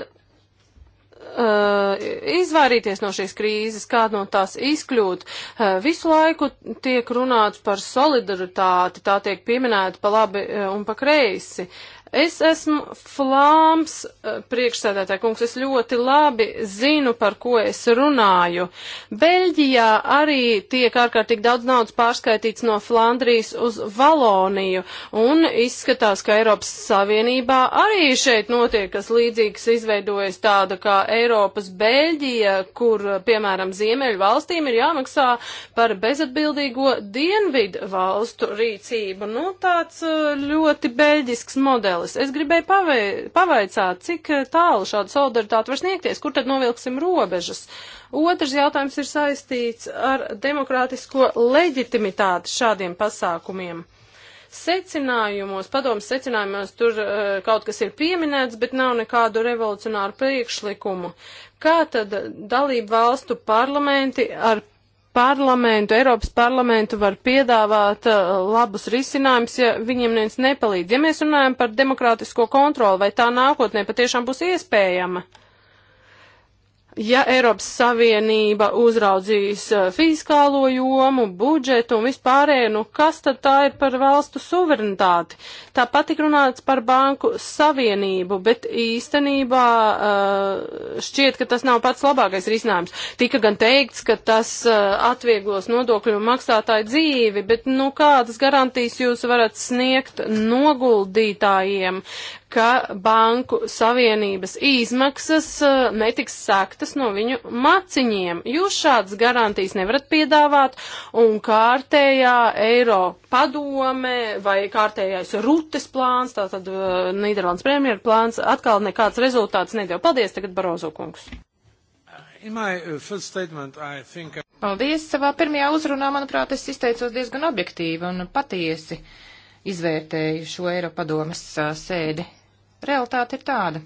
[SPEAKER 1] Uh, izvairīties no šīs krīzes, kā no tās izkļūt. Uh, visu laiku tiek runāts par solidaritāti, tā tiek pieminēta pa labi un pa kreisi. Es esmu flāms, eh, priekšsēdētāj kungs, es ļoti labi zinu, par ko es runāju. Beļģijā arī tiek ārkārtīgi daudz naudas pārskaitīts no Flandrijas uz Valoniju, un izskatās, ka Eiropas Savienībā arī šeit notiek, kas līdzīgs izveidojas tāda kā Eiropas Beļģija, kur, eh, piemēram, Ziemeļu valstīm ir jāmaksā par bezatbildīgo dienvidu valstu rīcību. Nu, tāds eh, ļoti beļģisks modelis modelis. Es gribēju pavai, pavaicāt, cik eh, tālu šāda solidaritāte var sniegties, kur tad novilksim robežas. Otrs jautājums ir saistīts ar demokrātisko leģitimitāti šādiem pasākumiem secinājumos, padomas secinājumos tur uh, kaut kas ir pieminēts, bet nav nekādu revolucionāru priekšlikumu. Kā tad dalību valstu parlamenti ar parlamentu, Eiropas parlamentu var piedāvāt uh, labus risinājumus, ja viņiem neviens nepalīdz. Ja mēs runājam par demokrātisko kontroli, vai tā nākotnē patiešām būs iespējama? ja Eiropas Savienība uzraudzīs eh, fiskālo jomu, budžetu un vispārēju, nu kas tad tā ir par valstu suverenitāti? Tāpat tik runāts par banku savienību, bet īstenībā eh, šķiet, ka tas nav pats labākais risinājums. Tika gan teikts, ka tas eh, atvieglos nodokļu maksātāju dzīvi, bet nu kādas garantijas jūs varat sniegt noguldītājiem, ka banku savienības izmaksas uh, netiks sāktas no viņu maciņiem. Jūs šādas garantijas nevarat piedāvāt, un kārtējā eiro padome vai kārtējais rutes plāns, tātad uh, Nīderlandes premjera plāns, atkal nekāds rezultāts nedēļ. Paldies, tagad Barozo kungs. Uh, think... Paldies. Savā pirmajā uzrunā, manuprāt, es izteicos
[SPEAKER 2] diezgan objektīvi un patiesi izvērtēju šo Eiropadomes sēdi realitāte ir tāda,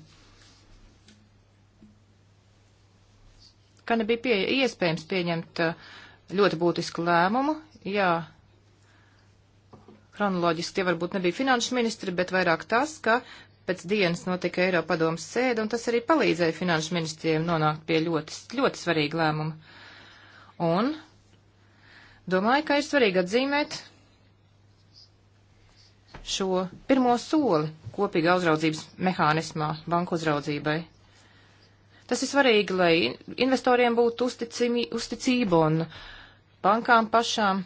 [SPEAKER 2] ka nebija pie, iespējams pieņemt uh, ļoti būtisku lēmumu, jā, Kronoloģiski tie varbūt nebija finanšu ministri, bet vairāk tas, ka pēc dienas notika Eiropadomas sēde, un tas arī palīdzēja finanšu ministriem nonākt pie ļoti, ļoti svarīga lēmuma. Un domāju, ka ir svarīgi atzīmēt šo pirmo soli, kopīgā uzraudzības mehānismā banku uzraudzībai. Tas ir svarīgi, lai investoriem būtu uzticimi, uzticība un bankām pašām.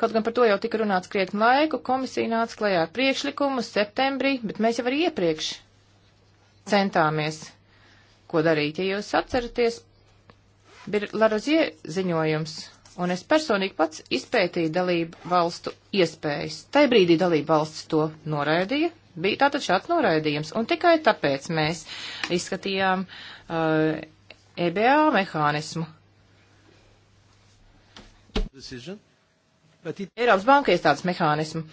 [SPEAKER 2] Kaut gan par to jau tika runāts krietni laiku, komisija nāca klajā ar priekšlikumu septembrī, bet mēs jau arī iepriekš centāmies, ko darīt. Ja jūs atceraties, bija Larozie ziņojums Un es personīgi pats izpētīju dalību valstu iespējas. Tajā brīdī dalību valsts to noraidīja. Bija tātad šāds noraidījums. Un tikai tāpēc mēs izskatījām uh, EBA mehānismu. Decision, it... Eiropas banka iestādes mehānismu.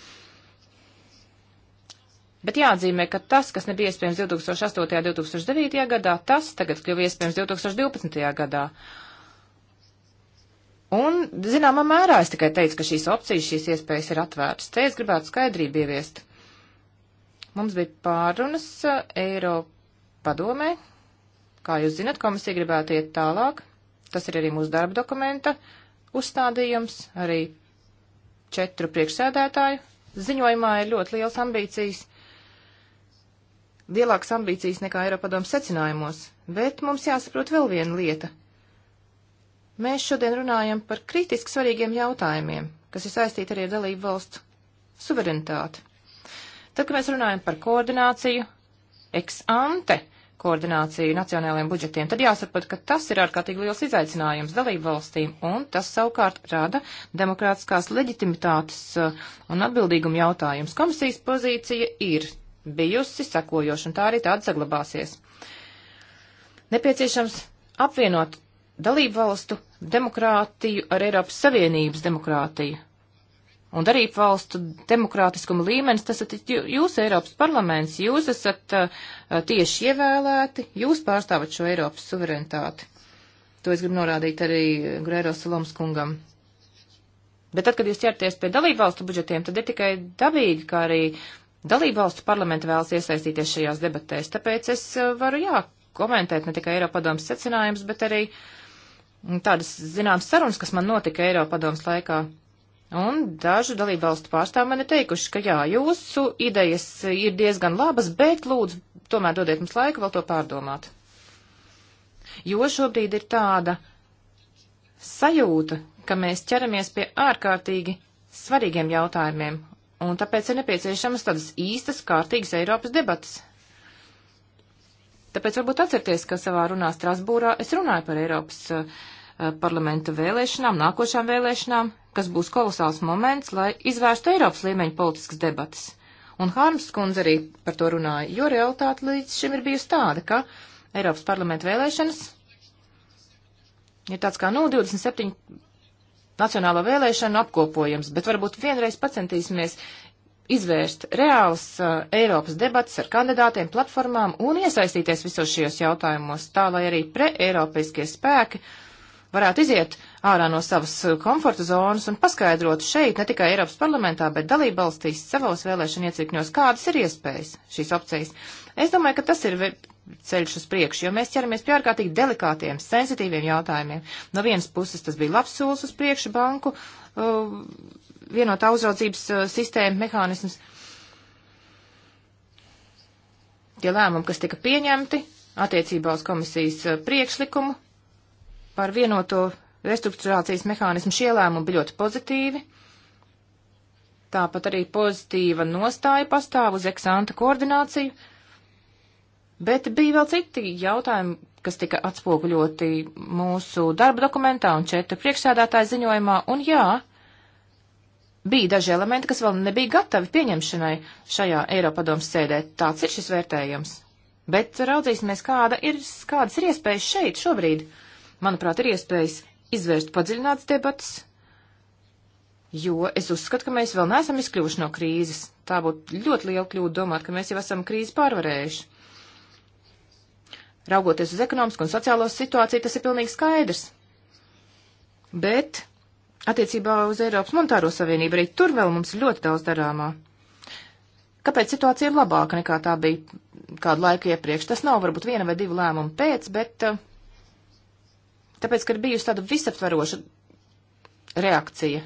[SPEAKER 2] Bet jāatzīmē, ka tas, kas nebija iespējams 2008. un 2009. gadā, tas tagad kļuva iespējams 2012. gadā. Uh, Un, zināmā mērā, es tikai teicu, ka šīs opcijas, šīs iespējas ir atvērtas. Te es gribētu skaidrību ieviest. Mums bija pārunas uh, Eiro padomē. Kā jūs zinat, komisija gribētu iet tālāk. Tas ir arī mūsu darba dokumenta uzstādījums, arī četru priekšsēdētāju ziņojumā ir ļoti liels ambīcijas. Lielākas ambīcijas nekā Eiropadomas secinājumos, bet mums jāsaprot vēl viena lieta Mēs šodien runājam par kritiski svarīgiem jautājumiem, kas ir saistīti arī ar dalību valstu suverenitāti. Tad, kad mēs runājam par koordināciju, ex ante koordināciju nacionālajiem budžetiem, tad jāsaprot, ka tas ir ārkārtīgi liels izaicinājums dalību valstīm, un tas savukārt rada demokrātiskās leģitimitātes uh, un atbildīguma jautājums. Komisijas pozīcija ir bijusi sekojoša, un tā arī tāda saglabāsies. Nepieciešams apvienot dalību valstu demokrātiju ar Eiropas Savienības demokrātiju. Un darību valstu demokrātiskuma līmenis, tas ir jūs Eiropas parlaments, jūs esat uh, tieši ievēlēti, jūs pārstāvat šo Eiropas suverenitāti. To es gribu norādīt arī Grēro Saloms kungam. Bet tad, kad jūs ķerties pie dalību valstu budžetiem, tad ir tikai dabīgi, kā arī dalību valstu parlamenti vēlas iesaistīties šajās debatēs. Tāpēc es uh, varu, jā, komentēt ne tikai Eiropadomas secinājumus, bet arī uh, tādas, zināmas sarunas, kas man notika Eiropadomas laikā. Un dažu dalībvalstu pārstāv man ir teikuši, ka jā, jūsu idejas ir diezgan labas, bet lūdzu, tomēr dodiet mums laiku vēl to pārdomāt. Jo šobrīd ir tāda sajūta, ka mēs ķeramies pie ārkārtīgi svarīgiem jautājumiem, un tāpēc ir nepieciešamas tādas īstas, kārtīgas Eiropas debatas. Tāpēc varbūt atcerieties, ka savā runā Strasbūrā es runāju par Eiropas uh, parlamenta vēlēšanām, nākošām vēlēšanām, kas būs kolosāls moments, lai izvērstu Eiropas līmeņa politiskas debatas. Un Hārms kundze arī par to runāja, jo realitāte līdz šim ir bijusi tāda, ka Eiropas parlamenta vēlēšanas ir tāds kā, nu, 27 nacionālo vēlēšanu apkopojums, bet varbūt vienreiz pacentīsimies uh, izvērst reālas uh, Eiropas debatas ar kandidātiem, platformām un iesaistīties visos šajos jautājumos, tā lai arī pre-eiropeiskie spēki varētu iziet ārā no savas komforta zonas un paskaidrot šeit, ne tikai Eiropas parlamentā, bet dalībvalstīs savos vēlēšana iecirkņos, kādas ir iespējas šīs opcijas. Es domāju, ka tas ir ceļš uz priekšu, jo mēs ķeramies pie ārkārtīgi delikātiem, sensitīviem jautājumiem. No vienas puses tas bija labs solis uz priekšu banku uh, vienotā uzraudzības uh, sistēma mehānisms. Tie lēmumi, kas tika pieņemti attiecībā uz komisijas uh, priekšlikumu par vienoto restruktūrācijas mehānismu, šie lēmumi bija ļoti pozitīvi. Tāpat arī pozitīva nostāja pastāv uz eksanta koordināciju, bet bija vēl citi jautājumi, kas tika atspoguļoti mūsu darba dokumentā un četru priekšsēdātāju ziņojumā, un jā, bija daži elementi, kas vēl nebija gatavi pieņemšanai šajā Eiropadomas sēdē. Tāds ir šis vērtējums. Bet raudzīsimies, kāda ir, kādas ir iespējas šeit šobrīd. Manuprāt, ir iespējas izvērst padziļinātas debatas, jo es uzskatu, ka mēs vēl neesam izkļuvuši no krīzes. Tā būtu ļoti liela kļūda domāt, ka mēs jau esam krīzi pārvarējuši. Raugoties uz ekonomisko un sociālo situāciju, tas ir pilnīgi skaidrs. Bet Attiecībā uz Eiropas monetāro savienību arī tur vēl mums ir ļoti daudz darāmā. Kāpēc situācija ir labāka nekā tā bija kādu laiku iepriekš? Tas nav varbūt viena vai divu lēmumu pēc, bet eh, tāpēc, ka ir bijusi tāda visaptvaroša reakcija.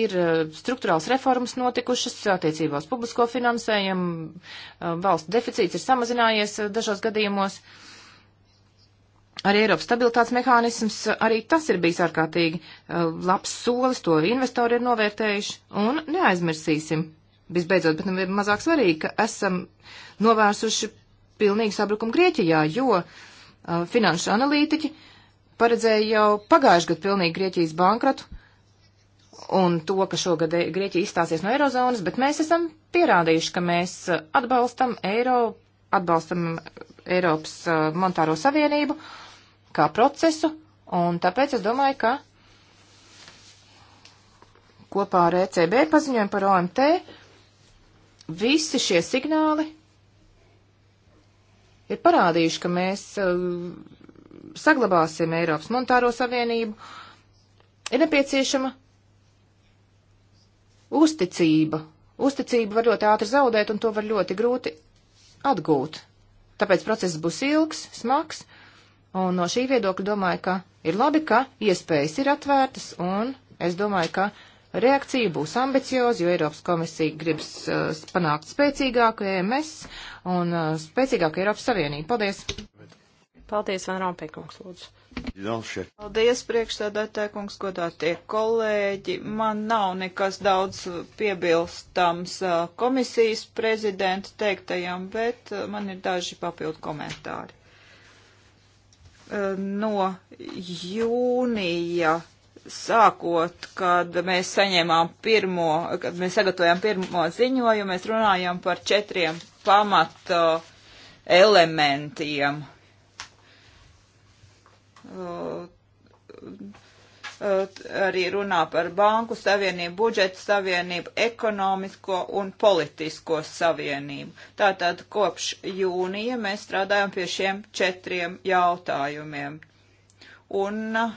[SPEAKER 2] Ir eh, struktūrāls reformas notikušas attiecībā uz publisko finansējumu, eh, valsts deficīts ir samazinājies dažos gadījumos. Uh, Arī Eiropas stabilitātes mehānisms, arī tas ir bijis ārkārtīgi uh, labs solis, to investori ir novērtējuši, un neaizmirsīsim, visbeidzot, bet nevienam mazāk svarīgi, ka esam novērsuši pilnīgu sabrukumu Grieķijā, jo uh, finanšu analītiķi paredzēja jau pagājušajā gadā pilnīgi Grieķijas bankratu un to, ka šogad eh, Grieķija izstāsies no Eirozonas, bet mēs esam pierādījuši, ka mēs uh, atbalstam Eiro, atbalstam uh, Eiropas uh, monetāro savienību kā procesu, un tāpēc es domāju, ka kopā ar ECB paziņojumu par OMT visi šie signāli ir parādījuši, ka mēs eh, saglabāsim Eiropas monetāro savienību, ir nepieciešama uzticība. Uzticību var ļoti ātri zaudēt, un to var ļoti grūti atgūt. Tāpēc process būs ilgs, smags, Un no šī viedokļa domāju, ka ir labi, ka iespējas ir atvērtas, un es domāju, ka reakcija būs ambicioza, jo Eiropas komisija gribas uh, panākt spēcīgāku EMS un uh, spēcīgāku Eiropas Savienību.
[SPEAKER 3] Paldies!
[SPEAKER 1] Paldies, Van Rompēkungs, lūdzu.
[SPEAKER 3] Paldies, priekšsēdētāji kungs, godātie kolēģi. Man nav nekas daudz piebilstams uh, komisijas prezidenta teiktajam, bet uh, man ir daži papildu komentāri. Eh, no jūnija sākot, kad mēs saņēmām pirmo, kad mēs sagatavojām pirmo ziņojumu, mēs runājām par četriem pamata elementiem. Eh, arī runā par banku savienību, budžeta savienību, ekonomisko un politisko savienību. Tātad kopš jūnija mēs strādājam pie šiem četriem jautājumiem. Un uh,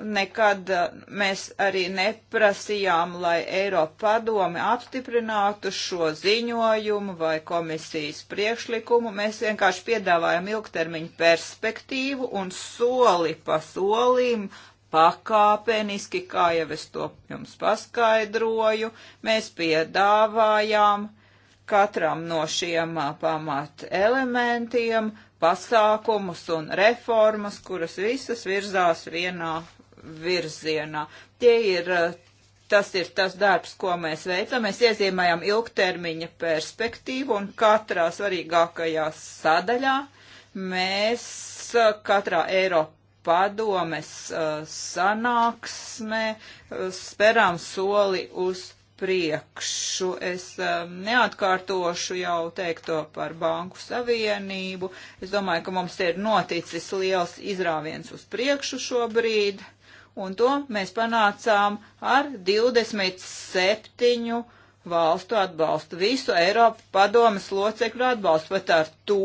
[SPEAKER 3] Nekad eh, mēs arī neprasījām, lai Eiropa padome apstiprinātu šo ziņojumu vai komisijas priekšlikumu. Mēs vienkārši piedāvājam ilgtermiņu perspektīvu un soli pa solim pakāpeniski, kā jau es to jums paskaidroju, mēs piedāvājām katram no šiem eh, pamat elementiem pasākumus un reformas, kuras visas virzās vienā virzienā. Tie ir, eh, tas ir tas darbs, ko mēs veicam. Mēs iezīmējam ilgtermiņa perspektīvu un katrā svarīgākajā sadaļā mēs eh, katrā Eiropā padomes eh, sanāksmē speram soli uz priekšu. Es um, neatkārtošu jau teikto par banku savienību. Es domāju, ka mums ir noticis liels izrāviens uz priekšu šobrīd un to mēs panācām ar 27 valstu atbalstu, visu Eiropas padomas locekļu atbalstu, pat ar to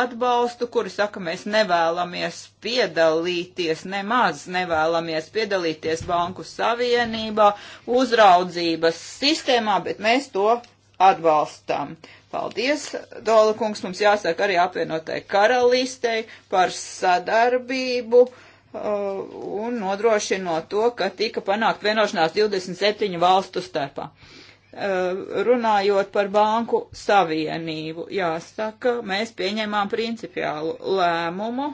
[SPEAKER 3] atbalstu, kuri saka, mēs nevēlamies piedalīties, nemaz nevēlamies piedalīties Banku Savienībā, uzraudzības sistēmā, bet mēs to atbalstam. Paldies, Dola kungs, mums jāsaka arī apvienotai karalistei par sadarbību Uh, un nodrošinot to, ka tika panākt vienošanās 27 valstu starpā. Uh, runājot par banku savienību, jāsaka, mēs pieņēmām principiālu lēmumu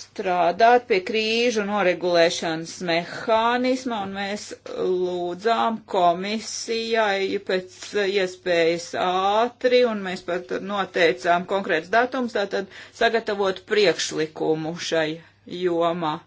[SPEAKER 3] strādāt pie krīžu noregulēšanas mehānisma, un mēs lūdzām komisijai pēc iespējas ātri, un mēs pat noteicām konkrēts datums, tātad sagatavot priekšlikumu šai joma.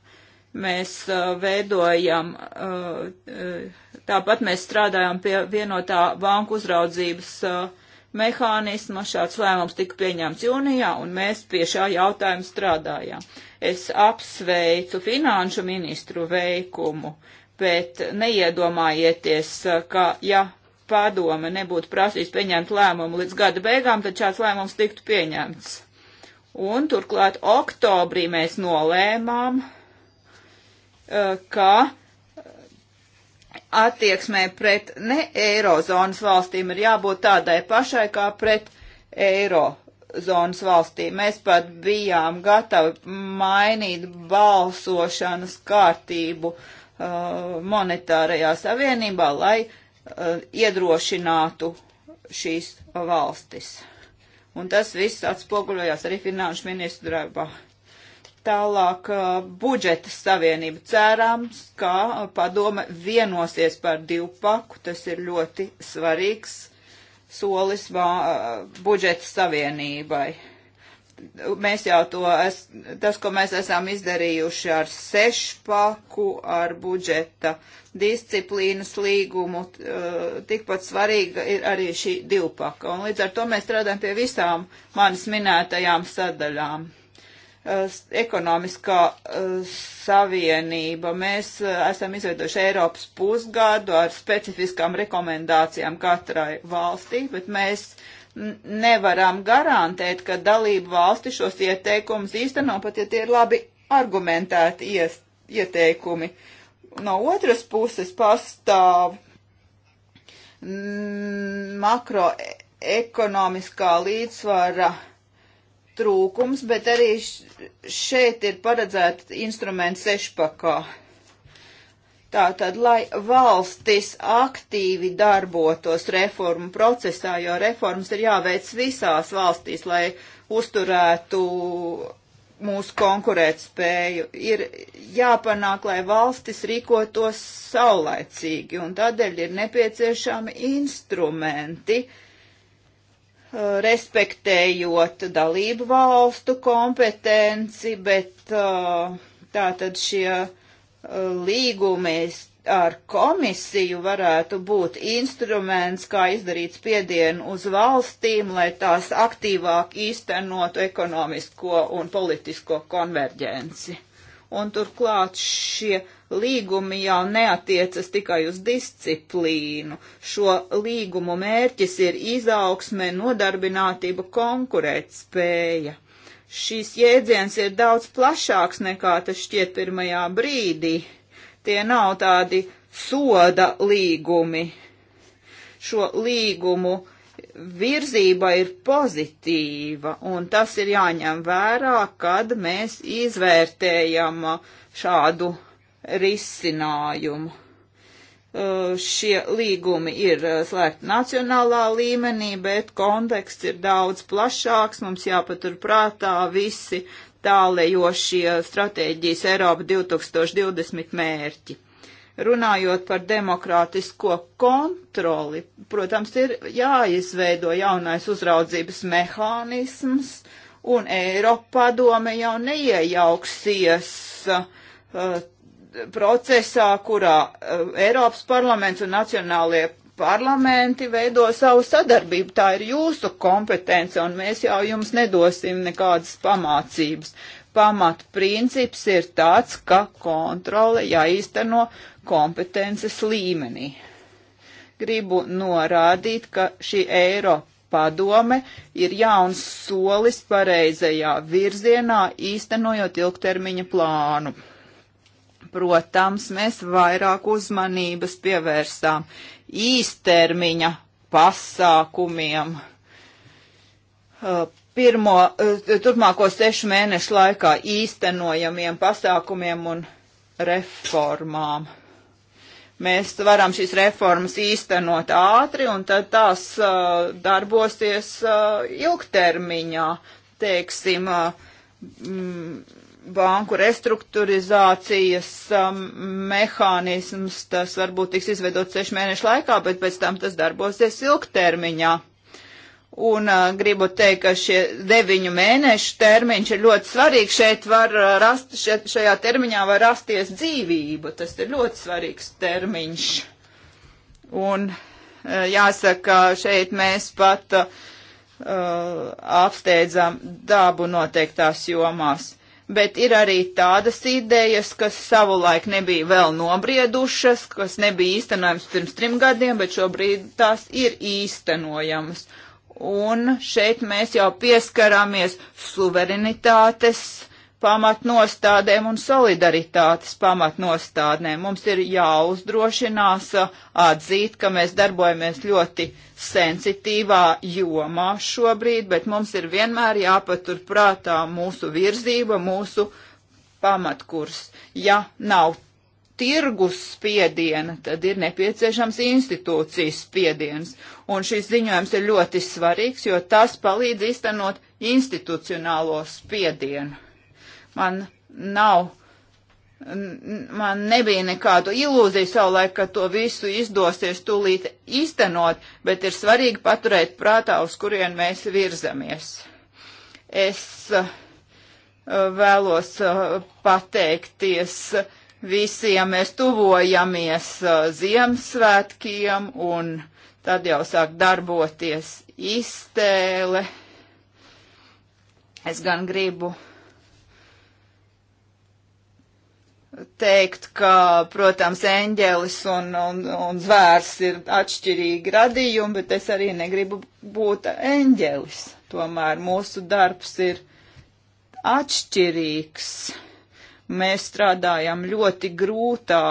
[SPEAKER 3] Mēs uh, veidojam, uh, uh, tāpat mēs strādājam pie vienotā banku uzraudzības uh, mehānisma. Šāds lēmums tika pieņemts jūnijā, un mēs pie šā jautājuma strādājām. Es apsveicu finanšu ministru veikumu, bet neiedomājieties, uh, ka ja padome nebūtu prasījis pieņemt lēmumu līdz gada beigām, tad šāds lēmums tiktu pieņemts. Un turklāt oktobrī mēs nolēmām, eh, ka attieksmē pret ne eirozonas valstīm ir jābūt tādai pašai kā pret eirozonas valstīm. Mēs pat bijām gatavi mainīt balsošanas kārtību uh, monetārajā savienībā, lai uh, iedrošinātu šīs valstis. Un tas viss atspoguļojās arī finanšu ministru darbā. Tālāk uh, budžeta savienība cerams, ka uh, padome vienosies par divpaku. Tas ir ļoti svarīgs solis uh, budžeta savienībai mēs jau to, es, tas, ko mēs esam izdarījuši ar sešpaku, ar budžeta disciplīnas līgumu, eh, tikpat svarīga ir arī šī divpaka. Un līdz ar to mēs strādājam pie visām manis minētajām sadaļām. Ekonomiskā eh, savienība. Mēs eh, esam izveidojuši Eiropas pusgadu ar specifiskām rekomendācijām katrai valstī, bet mēs uh, nevaram garantēt, ka dalību valsti šos ieteikumus īsteno, pat ja tie ir labi argumentēti ies, ieteikumi. No otras puses pastāv makroekonomiskā līdzsvara trūkums, bet arī šeit ir paredzēta instrumenta sešpakā. Uh, Tātad, lai valstis aktīvi darbotos reformu procesā, jo reformas ir jāveic visās valstīs, lai uzturētu mūsu konkurētspēju, ir jāpanāk, lai valstis rīkotos saulaicīgi, un tādēļ ir nepieciešami instrumenti, eh, respektējot dalību valstu kompetenci, bet eh, tātad šie līgumi ar komisiju varētu būt instruments, kā izdarīt spiedienu uz valstīm, lai tās aktīvāk īstenotu ekonomisko un politisko konverģenci. Un turklāt šie līgumi jau neatiecas tikai uz disciplīnu. Šo līgumu mērķis ir izaugsme, nodarbinātība, konkurētspēja. spēja šīs jēdziens ir daudz plašāks nekā tas šķiet pirmajā brīdī. Tie nav tādi soda līgumi. Šo līgumu virzība ir pozitīva, un tas ir jāņem vērā, kad mēs izvērtējam šādu risinājumu. Eh, šie līgumi ir eh, slēgti nacionālā līmenī, bet konteksts ir daudz plašāks. Mums jāpatur prātā visi tālējošie stratēģijas Eiropa 2020 mērķi. Runājot par demokrātisko kontroli, protams, ir jāizveido jaunais uzraudzības mehānisms, un Eiropa padome jau neiejauksies uh, procesā, kurā eh, Eiropas parlaments un nacionālie parlamenti veido savu sadarbību. Tā ir jūsu kompetence, un mēs jau jums nedosim nekādas pamācības. Pamat princips ir tāds, ka kontrole jāīsteno kompetences līmenī. Gribu norādīt, ka šī Eiropa padome ir jauns solis pareizajā virzienā, īstenojot ilgtermiņa plānu protams, mēs vairāk uzmanības pievērsām īstermiņa pasākumiem. Uh, pirmo, uh, turpmāko sešu mēnešu laikā īstenojamiem pasākumiem un reformām. Mēs varam šīs reformas īstenot ātri un tad tās uh, darbosies ilgtermiņā, teiksim, mm, banku restruktūrizācijas um, mehānisms, tas varbūt tiks izveidots sešu mēnešu laikā, bet pēc tam tas darbosies ilgtermiņā. Un uh, gribu teikt, ka šie deviņu mēnešu termiņš ir ļoti svarīgs. Šeit var uh, rast, šeit, šajā termiņā var rasties dzīvība. Tas ir ļoti svarīgs termiņš. Un uh, jāsaka, šeit mēs pat uh, uh apsteidzam dabu noteiktās jomās bet ir arī tādas idejas, kas savulaik nebija vēl nobriedušas, kas nebija īstenojams pirms trim gadiem, bet šobrīd tās ir īstenojamas. Un šeit mēs jau pieskarāmies suverenitātes pamatnostādēm un solidaritātes pamatnostādēm. Mums ir jāuzdrošinās atzīt, ka mēs darbojamies ļoti sensitīvā jomā šobrīd, bet mums ir vienmēr jāpatur prātā mūsu virzība, mūsu pamatkurs. Ja nav tirgus spiediena, tad ir nepieciešams institūcijas spiediens. Un šis ziņojums ir ļoti svarīgs, jo tas palīdz iztenot institucionālo spiedienu. Man nav, man nebija nekādu ilūziju savulaik, ka to visu izdosies tūlīt īstenot, bet ir svarīgi paturēt prātā, uz kurien mēs virzamies. Es eh, vēlos eh, pateikties visiem, mēs tuvojamies eh, Ziemassvētkiem un tad jau sāk darboties iztēle. Es gan gribu teikt, ka, protams, eņģelis un, un, un zvērs ir atšķirīgi radījumi, bet es arī negribu būt eņģelis. Tomēr mūsu darbs ir atšķirīgs. Mēs strādājam ļoti grūtā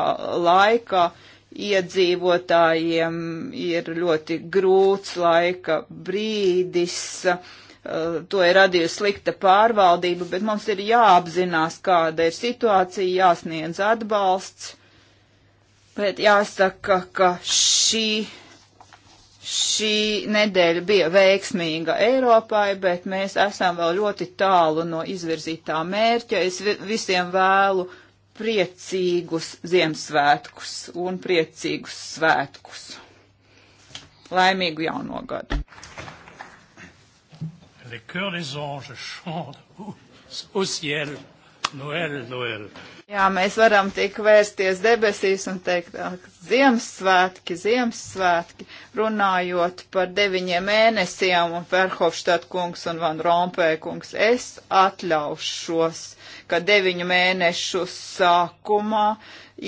[SPEAKER 3] laikā, iedzīvotājiem ir ļoti grūts laika brīdis Eh, to ir radījusi slikta pārvaldība, bet mums ir jāapzinās, kāda ir situācija, jāsniedz atbalsts. Bet jāsaka, ka šī, šī nedēļa bija veiksmīga Eiropai, bet mēs esam vēl ļoti tālu no izvirzītā mērķa. Es visiem vēlu priecīgus Ziemassvētkus un priecīgus svētkus. Laimīgu jauno gadu!
[SPEAKER 1] les chœurs des anges chantent au ciel, Noël, Noël.
[SPEAKER 3] Jā, mēs varam tik vērsties debesīs un teikt, ak, ah, Ziemassvētki, Ziemassvētki, runājot par deviņiem mēnesiem un Ferhofštad kungs un Van Rompē kungs, es atļaušos, ka deviņu mēnešu sākumā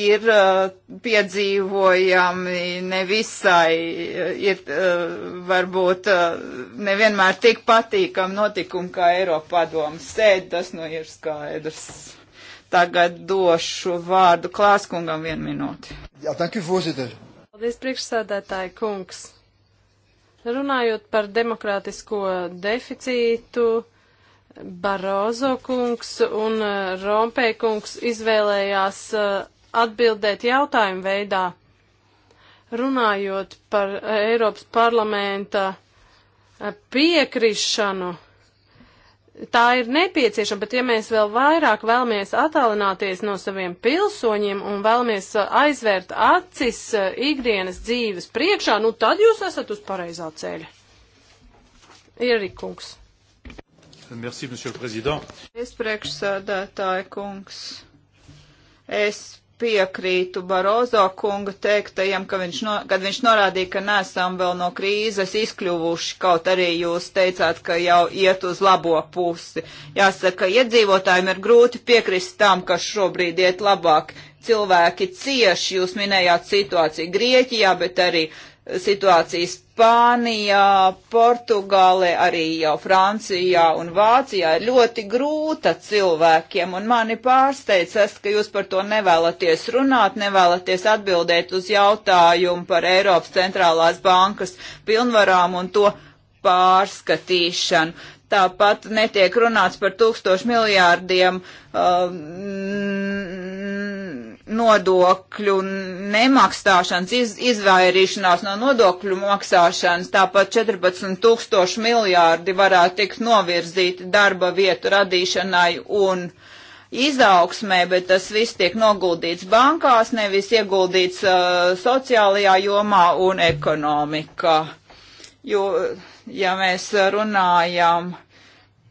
[SPEAKER 3] ir uh, piedzīvojami nevisai, eh, ir uh, varbūt uh, nevienmēr tik patīkam notikumi kā Eiropadomas sēd, tas nu ir skaidrs. Tagad došu vārdu Klāskungam vienu minūti. Jā, tanki, fūziter.
[SPEAKER 1] Paldies, priekšsēdētāji kungs. Runājot par demokrātisko deficītu, Barozo kungs un uh, Rompē kungs izvēlējās uh, atbildēt jautājumu veidā. Runājot par uh, Eiropas parlamenta piekrišanu, tā ir nepieciešama, bet ja mēs vēl vairāk vēlamies attālināties no saviem pilsoņiem un vēlamies uh, aizvērt acis uh, ikdienas dzīves priekšā, nu tad jūs esat uz pareizā ceļa. Ir arī kungs.
[SPEAKER 3] Merci, monsieur le président. Es priekšsēdētāju kungs. Es piekrītu Barozo kunga teiktajam, ka viņš no, kad viņš norādīja, ka nesam vēl no krīzes izkļuvuši, kaut arī jūs teicāt, ka jau iet uz labo pusi. Jāsaka, iedzīvotājiem ir grūti piekrist tam, kas šobrīd iet labāk. Cilvēki cieši, jūs minējāt situāciju Grieķijā, bet arī situācija Spānijā, Portugālē, arī jau Francijā un Vācijā ir ļoti grūta cilvēkiem, un mani pārsteidz tas, ka jūs par to nevēlaties runāt, nevēlaties atbildēt uz jautājumu par Eiropas centrālās bankas pilnvarām un to pārskatīšanu. Tāpat netiek runāts par tūkstošu miljārdiem uh, nodokļu nemaksāšanas, iz, izvairīšanās no nodokļu maksāšanas, tāpat 14 tūkstoši miljārdi varētu tikt novirzīti darba vietu radīšanai un izaugsmē, bet tas viss tiek noguldīts bankās, nevis ieguldīts uh, sociālajā jomā un ekonomikā. Jo, ja mēs runājam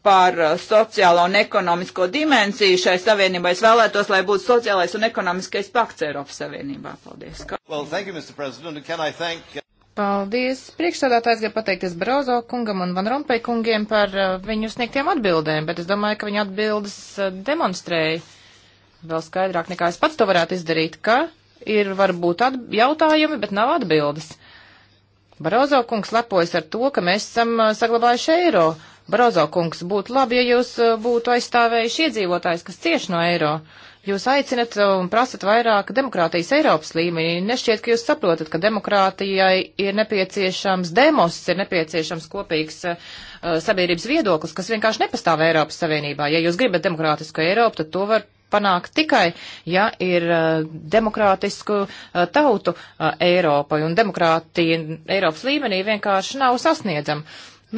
[SPEAKER 3] par uh, sociālo un ekonomisko dimensiju šai savienībai. Es vēlētos, lai būtu sociālais un ekonomiskais pakts Eiropas Savienībā. Paldies. Well, thank you, Mr. President, and can I thank... Uh,
[SPEAKER 2] Paldies. Priekšstādātājs grib pateikties Brozo kungam un Van Rompei kungiem par uh, viņu sniegtiem atbildēm, bet es domāju, ka viņa atbildes demonstrēja vēl skaidrāk nekā es pats to varētu izdarīt, ka ir varbūt jautājumi, bet nav atbildes. Barozo kungs lepojas ar to, ka mēs esam saglabājuši eiro. Uh, Barozo kungs, būtu labi, ja jūs uh, būtu aizstāvējuši iedzīvotājs, kas cieši no eiro. Jūs aicinat un prasat vairāk demokrātijas Eiropas līmenī. Nešķiet, ka jūs saprotat, ka demokrātijai ir nepieciešams demos, ir nepieciešams kopīgs uh, sabiedrības viedoklis, kas vienkārši nepastāv Eiropas Savienībā. Ja jūs gribat demokrātisku Eiropu, tad to var panākt tikai, ja ir uh, demokrātisku uh, tautu uh, Eiropai, un demokrātija Eiropas līmenī vienkārši nav sasniedzama.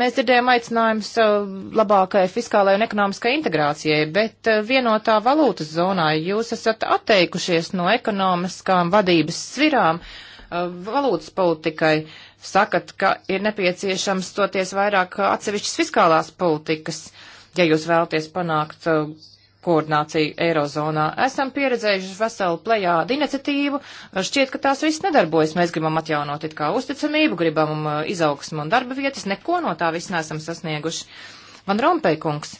[SPEAKER 2] Mēs dzirdējām aicinājums uh, labākai fiskālai un ekonomiskai integrācijai, bet uh, vienotā valūtas zonā jūs esat atteikušies no ekonomiskām vadības svirām uh, valūtas politikai. Sakat, ka ir nepieciešams stoties vairāk atsevišķas fiskālās politikas, ja jūs vēlaties panākt koordināciju Eirozonā. Esam pieredzējuši veselu plejādu iniciatīvu, šķiet, ka tās viss nedarbojas. Mēs gribam atjaunot it kā uzticamību, gribam uh, izaugsmu un darba vietas, neko no tā viss nesam sasnieguši. Van Rompeikungs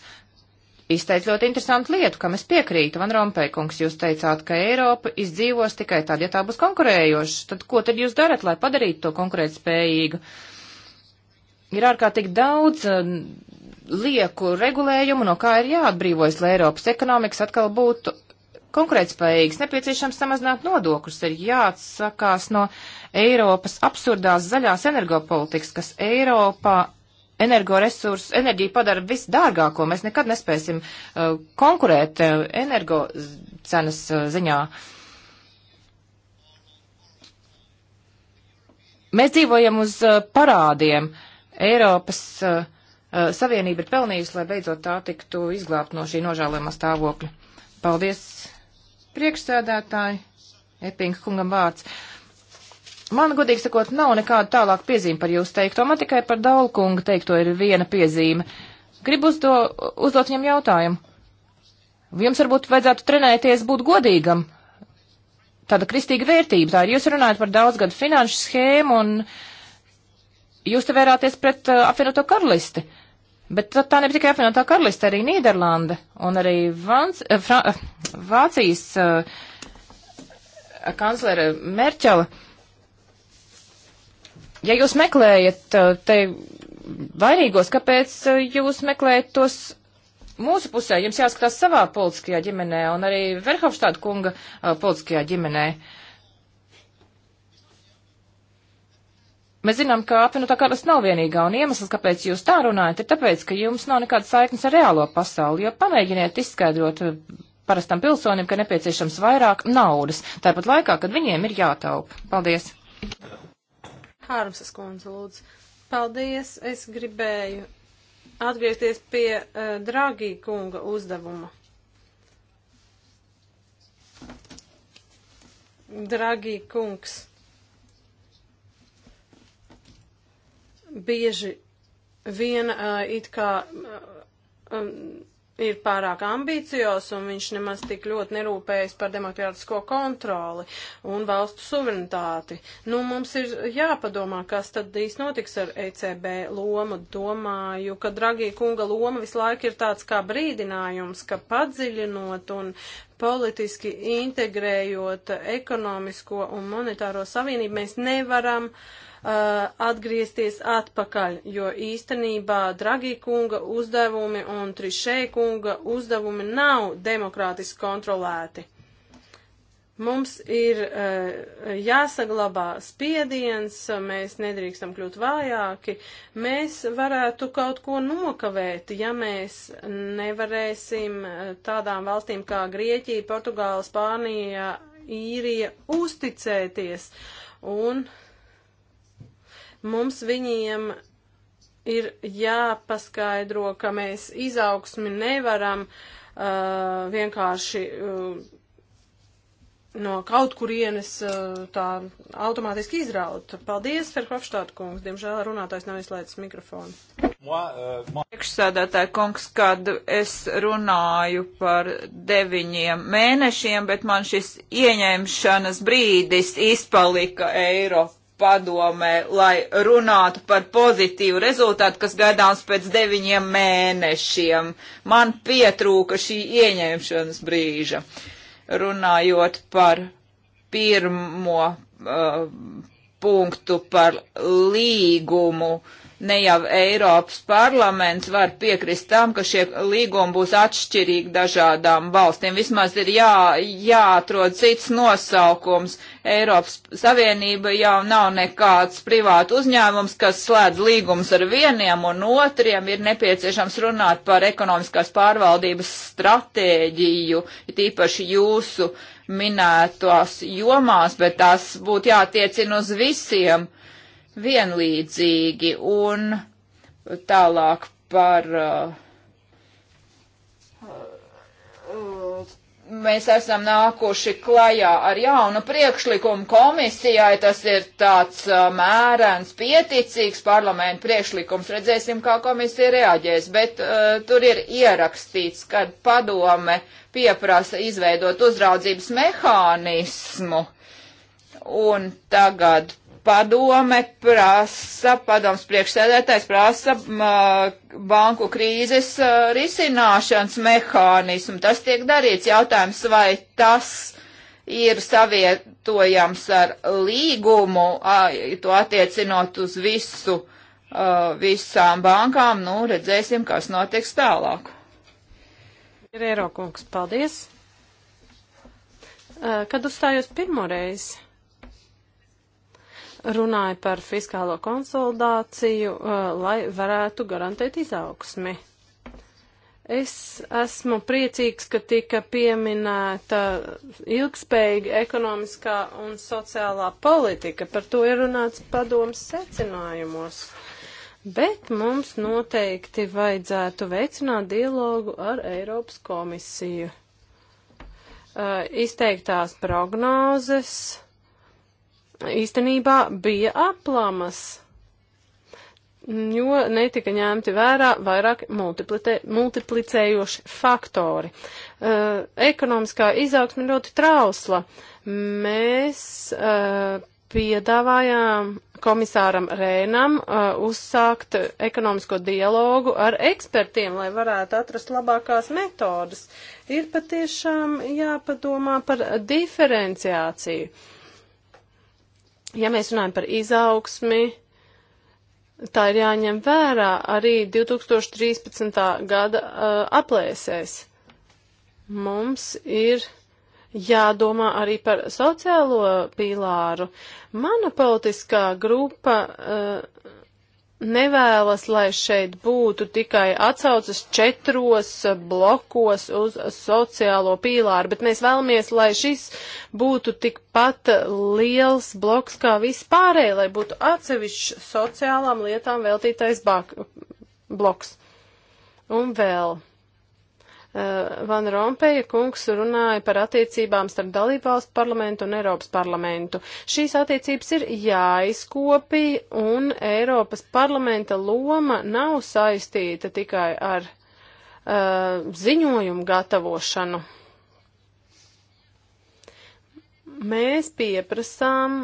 [SPEAKER 2] izteica ļoti interesantu lietu, kam es piekrītu. Van Rompeikungs, jūs teicāt, ka Eiropa izdzīvos tikai tad, ja tā būs konkurējoša. Tad ko tad jūs darat, lai padarītu to konkurētspējīgu? ir ārkārtīgi daudz uh, lieku regulējumu, no kā ir jāatbrīvojas, lai Eiropas ekonomikas atkal būtu konkurētspējīgs, nepieciešams samazināt nodokļus, ir jāatsakās no Eiropas absurdās zaļās energopolitikas, kas Eiropā energoresursu, enerģiju padara visdārgāko. Mēs nekad nespēsim uh, konkurēt uh, energo cenas uh, ziņā. Mēs dzīvojam uz uh, parādiem. Eiropas uh, Eh, Savienība ir pelnījusi, lai beidzot tā tiktu izglābt no šī nožēlojamā stāvokļa. Paldies, priekšsēdētāji, Epinga kungam vārds. Man, godīgi sakot, nav nekāda tālāka piezīme par jūsu teikto, man tikai par Daulkunga teikto ir viena piezīme. Gribu uzdo, uzdot viņam jautājumu. Jums varbūt vajadzētu trenēties būt godīgam. Tāda kristīga vērtība tā ir. Jūs runājat par daudzgadu finanšu schēmu un jūs te vērāties pret uh, apvienoto karalisti. Uh, Bet tā, tā ne tikai apvienotā karaliste, arī Nīderlanda un arī Vans, eh, Fra, eh, Vācijas uh, kanclere Merķela. Ja jūs meklējat uh, te vainīgos, kāpēc uh, jūs meklējat tos mūsu pusē, jums jāskatās savā politiskajā ģimenē un arī Verhofstāda kunga politiskajā ģimenē. Uh, Mēs zinām, ka apvienotā nu, karalists nav vienīgā, un iemesls, kāpēc jūs tā runājat, ir tāpēc, ka jums nav nekāda saiknes ar reālo pasauli, jo pamēģiniet izskaidrot eh, parastam pilsonim, ka nepieciešams vairāk naudas, tāpat laikā, kad viņiem ir jātaupa. Paldies!
[SPEAKER 1] Hārmsas kundze, lūdzu. Paldies, es gribēju atgriezties pie uh, Dragī kunga uzdevuma. Dragī kungs bieži vien uh, it kā uh, um, ir pārāk ambiciozs un viņš nemaz tik ļoti nerūpējas par demokrātisko kontroli un valstu suverenitāti. Nu, mums ir jāpadomā, kas tad īsti notiks ar ECB lomu. Domāju, ka Dragī kunga loma visu laiku ir tāds kā brīdinājums, ka padziļinot un politiski integrējot ekonomisko un monetāro savienību, mēs nevaram uh, Uh, atgriezties atpakaļ, jo īstenībā Dragī kunga uzdevumi un Trišē kunga uzdevumi nav demokrātiski kontrolēti. Mums ir uh, jāsaglabā spiediens, mēs nedrīkstam kļūt vājāki, mēs varētu kaut ko nokavēt, ja mēs nevarēsim uh, tādām valstīm kā Grieķija, Portugāla, Spānija, Īrija uzticēties. Un Mums viņiem ir jāpaskaidro, ka mēs izaugsmi nevaram uh, vienkārši uh, no kaut kurienes uh, tā automātiski izraut. Paldies, Ferhofštāt kungs. Diemžēl runātājs nav izslēdzis mikrofonu.
[SPEAKER 3] Uh, Priekšsēdētāji kungs, kad es runāju par deviņiem mēnešiem, bet man šis ieņemšanas brīdis izpalika Eiropā padomē, lai runātu par pozitīvu rezultātu, kas gaidāms pēc deviņiem mēnešiem. Man pietrūka šī ieņemšanas brīža. Runājot par pirmo uh, punktu par līgumu, uh, ne jau Eiropas parlaments var piekrist tam, ka šie līgumi būs atšķirīgi dažādām valstīm. Vismaz ir jā, jāatrod cits nosaukums. Eiropas Savienība jau nav nekāds privātu uzņēmums, kas slēdz līgumus ar vieniem un otriem. Ir nepieciešams runāt par ekonomiskās pārvaldības stratēģiju, tīpaši jūsu minētos jomās, bet tas būtu jātiecina uz visiem vienlīdzīgi un tālāk par. Uh, mēs esam nākuši klajā ar jaunu priekšlikumu komisijai. Tas ir tāds uh, mērens, pieticīgs parlamentu priekšlikums. Redzēsim, kā komisija reaģēs. Bet uh, tur ir ierakstīts, kad padome pieprasa izveidot uzraudzības mehānismu. Un tagad padome prasa, padoms priekšsēdētājs prasa banku krīzes risināšanas mehānismu. Tas tiek darīts jautājums, vai tas ir savietojams ar līgumu, to attiecinot uz visu, visām bankām. Nu, redzēsim, kas notiks tālāk.
[SPEAKER 1] Ir ierokungs, paldies. Kad uzstājos pirmo reizi? runāja par fiskālo konsolidāciju, uh, lai varētu garantēt izaugsmi. Es esmu priecīgs, ka tika pieminēta ilgspējīga ekonomiskā un sociālā politika. Par to ir runāts padomas secinājumos. Bet mums noteikti vajadzētu veicināt dialogu ar Eiropas komisiju. Uh, izteiktās prognozes īstenībā bija aplamas, jo netika ņemti vērā vairāk multiplicējoši faktori. Uh, ekonomiskā izaugsme ļoti trausla. Mēs uh, piedāvājām komisāram Rēnam uh, uzsākt ekonomisko dialogu ar ekspertiem, lai varētu atrast labākās metodas. Ir patiešām jāpadomā par diferenciāciju. Uh, Ja mēs runājam par izaugsmi, tā ir jāņem vērā arī 2013. gada uh, aplēsēs. Mums ir jādomā arī par sociālo pīlāru. Mana politiskā grupa uh, nevēlas, lai šeit būtu tikai atsaucas četros blokos uz sociālo pīlāru, bet mēs vēlamies, lai šis būtu tikpat liels bloks kā vispārēji, lai būtu atsevišķi sociālām lietām veltītais bloks. Un vēl Eh, Van Rompeja kungs runāja par attiecībām starp dalībvalstu parlamentu un Eiropas parlamentu. Šīs attiecības ir jāizkopī, un Eiropas parlamenta loma nav saistīta tikai ar uh, ziņojumu gatavošanu. Mēs pieprasām,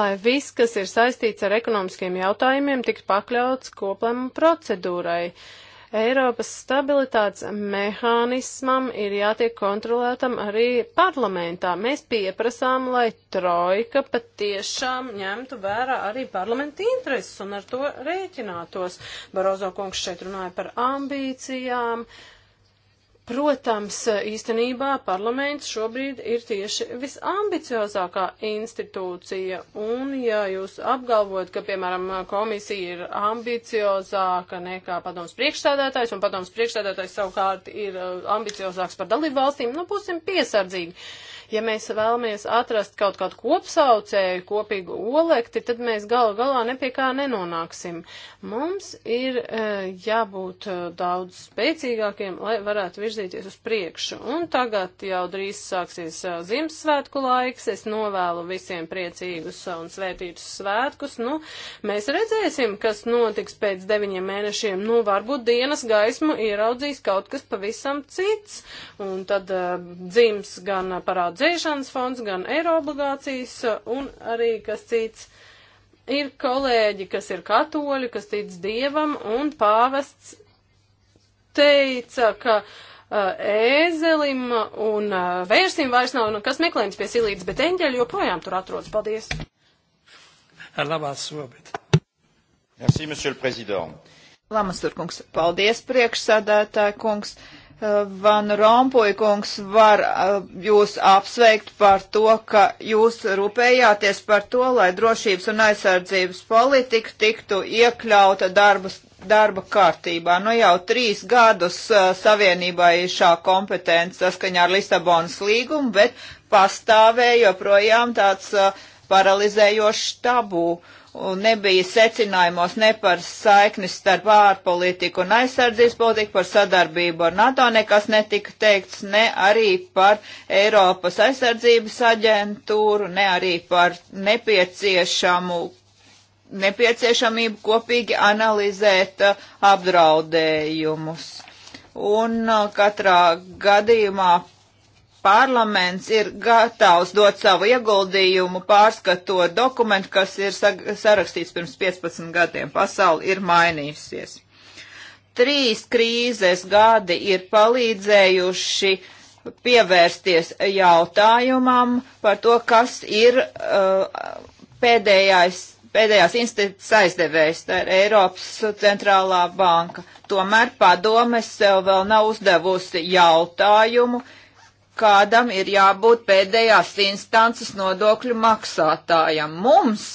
[SPEAKER 1] lai viss, kas ir saistīts ar ekonomiskiem jautājumiem, tiks pakļauts koplēmu procedūrai. Uh, Eiropas stabilitātes mehānismam ir jātiek kontrolētam arī parlamentā. Mēs pieprasām, lai trojka patiešām ņemtu vērā arī parlamenta intereses un ar to rēķinātos. Barozo kungs šeit runāja par ambīcijām. Uh, Protams, īstenībā parlaments šobrīd ir tieši visambiciozākā institūcija, un ja jūs apgalvot, ka, piemēram, komisija ir ambiciozāka nekā padoms priekšstādātājs, un padoms priekšstādātājs savukārt ir eh, ambiciozāks par dalību valstīm, nu, būsim piesardzīgi. Uh, Ja mēs vēlamies atrast kaut kādu kopsaucēju, kopīgu olekti, tad mēs galu galā nepie kā nenonāksim. Mums ir e, jābūt e, daudz spēcīgākiem, lai varētu virzīties uz priekšu. Un tagad jau drīz sāksies e, Ziemassvētku laiks. Es novēlu visiem priecīgus un svētītus svētkus. Nu, mēs redzēsim, kas notiks pēc deviņiem mēnešiem. Nu, varbūt dienas gaismu ieraudzīs kaut kas pavisam cits. Un tad uh, dzims gan parāda dzēšanas fonds, gan eiro obligācijas un arī kas cits. Ir kolēģi, kas ir katoļi, kas tic dievam, un pāvests teica, ka uh, ēzelim un uh, vērsim vairs nav nekas nu, meklējums pie silītes, bet eņģeļi joprojām tur atrodas. Paldies! Ar labās sobit!
[SPEAKER 2] Merci, monsieur le président!
[SPEAKER 3] Lamasturkungs, paldies priekšsādātāja kungs! Paldies, Van Rompuikungs var eh, jūs apsveikt par to, ka jūs rūpējāties par to, lai drošības un aizsardzības politika tiktu iekļauta darbas, darba kārtībā. Nu jau trīs gadus eh, savienībā ir šā kompetence saskaņā ar Lisabonas līgumu, bet pastāvēja joprojām tāds eh, paralizējošs tabū. Uh, un nebija secinājumos ne par saikni starp ārpolitiku un aizsardzības politiku, par sadarbību ar NATO nekas netika teikts, ne arī par Eiropas aizsardzības aģentūru, ne arī par nepieciešamu, nepieciešamību kopīgi analizēt uh, apdraudējumus. Un uh, katrā gadījumā parlaments ir gatavs dot savu ieguldījumu, pārskatot dokumentu, kas ir sarakstīts pirms 15 gadiem. Pasauli ir mainījusies. Trīs krīzes gadi ir palīdzējuši pievērsties jautājumam par to, kas ir uh, pēdējais, pēdējās institūcijas aizdevējs, tā ir Eiropas centrālā banka. Tomēr padome sev vēl nav uzdevusi jautājumu, uh, kādam ir jābūt pēdējās instances nodokļu maksātājam. Mums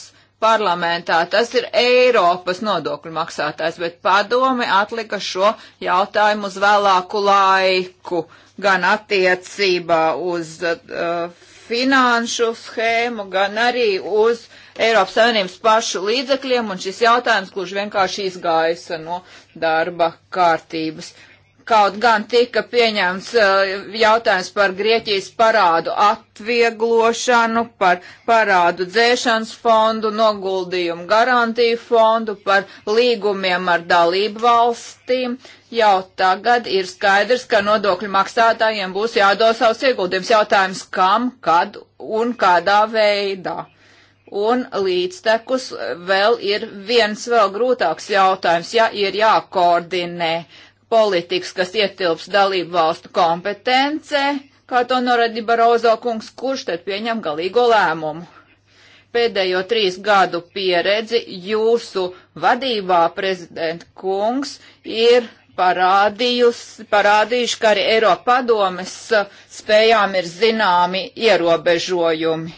[SPEAKER 3] parlamentā tas ir Eiropas nodokļu maksātājs, bet padome atlika šo jautājumu uz vēlāku laiku, gan attiecībā uz uh, finanšu schēmu, gan arī uz Eiropas Savienības pašu līdzekļiem, un šis jautājums, kurš vienkārši izgaisa no darba kārtības kaut gan tika pieņemts eh, jautājums par Grieķijas parādu atvieglošanu, par parādu dzēšanas fondu, noguldījumu garantiju fondu, par līgumiem ar dalību valstīm. Jau tagad ir skaidrs, ka nodokļu maksātājiem būs jādod savus ieguldījumus. Jautājums, kam, kad un kādā veidā. Un līdztekus vēl ir viens vēl grūtāks jautājums, ja ir jākoordinē politikas, kas ietilps dalību valstu kompetencē, kā to norādīja Barozo kungs, kurš tad pieņem galīgo lēmumu. Pēdējo trīs gadu pieredzi jūsu vadībā, prezidenta kungs, ir parādījuši, ka arī Eiropa padomes uh, spējām ir zināmi ierobežojumi.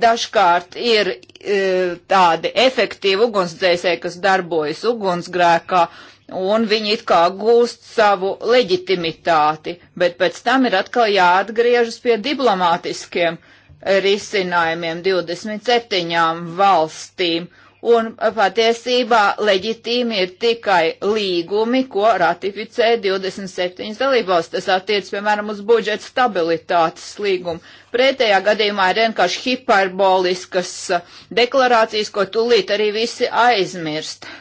[SPEAKER 3] Dažkārt ir uh, tādi efektīvi ugunsdzēsēji, kas darbojas ugunsgrēkā, uh, un viņi it kā gūst savu leģitimitāti, bet pēc tam ir atkal jāatgriežas pie diplomātiskiem risinājumiem 27 valstīm. Un patiesībā leģitīmi ir tikai līgumi, ko ratificē 27 dalībvalsts. Tas attiec, piemēram, uz budžeta stabilitātes līgumu. Pretējā gadījumā ir vienkārši hiperboliskas deklarācijas, ko tūlīt arī visi aizmirst. Uh,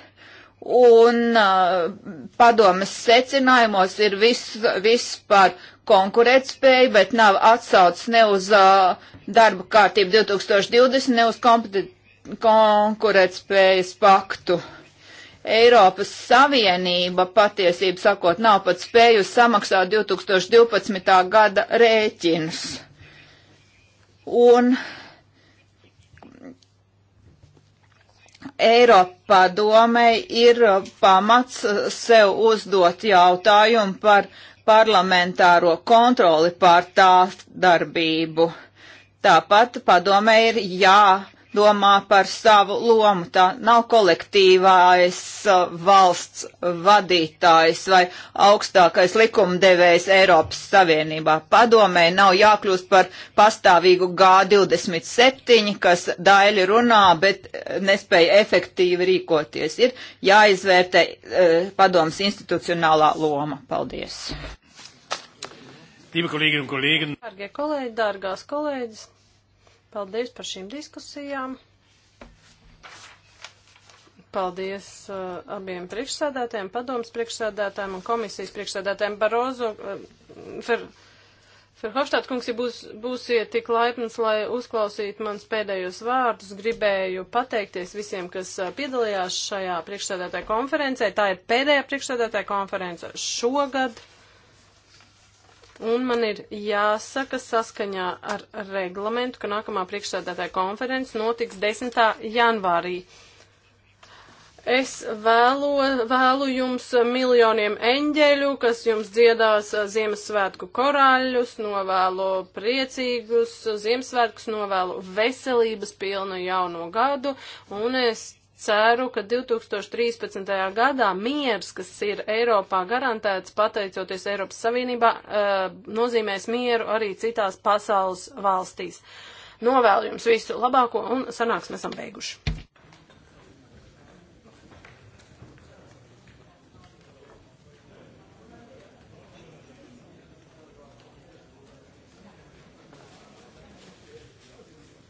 [SPEAKER 3] un uh, padomas secinājumos ir viss, viss par konkurētspēju, bet nav atsauc ne uz uh, darba kārtību 2020, ne uz konkurētspējas paktu. Eiropas Savienība patiesību sakot nav pat spējusi samaksāt 2012. gada rēķinus. Un uh, Eiropa domei ir pamats sev uzdot jautājumu par parlamentāro kontroli pār tā darbību. Tāpat padomē ir jā domā par savu lomu. Tā nav kolektīvais valsts vadītājs vai augstākais likumdevējs Eiropas Savienībā. Padomē nav jākļūst par pastāvīgu G27, kas daļi runā, bet e, nespēja efektīvi rīkoties. Ir jāizvērtē e, padomas institucionālā loma.
[SPEAKER 1] Paldies! Liebe Kolleginnen und Kollegen, Dargie kolēģi, dārgās kolēģis, Paldies par šīm diskusijām. Paldies uh, abiem priekšsādātājiem, padomas priekšsādātājiem un komisijas priekšsādātājiem. Barozo, uh, fer, Ferhofštāt kungs, ja būs, būsiet tik laipns, lai uzklausītu mans pēdējos vārdus, gribēju pateikties visiem, kas uh, piedalījās šajā priekšsādātāja konferencē. Tā ir pēdējā priekšsādātāja konference šogad un man ir jāsaka saskaņā ar reglamentu, ka nākamā priekšsēdētāja konferences notiks 10. janvārī. Es vēlo, vēlu jums miljoniem eņģeļu, kas jums dziedās Ziemassvētku korāļus, novēlu priecīgus Ziemassvētkus, novēlu veselības pilnu jauno gadu, un es ceru, ka 2013. gadā miers, kas ir Eiropā garantēts pateicoties Eiropas Savienībā, eh, nozīmēs mieru arī citās pasaules valstīs. Novēlu jums visu labāko un sanāksmēs esam beiguši.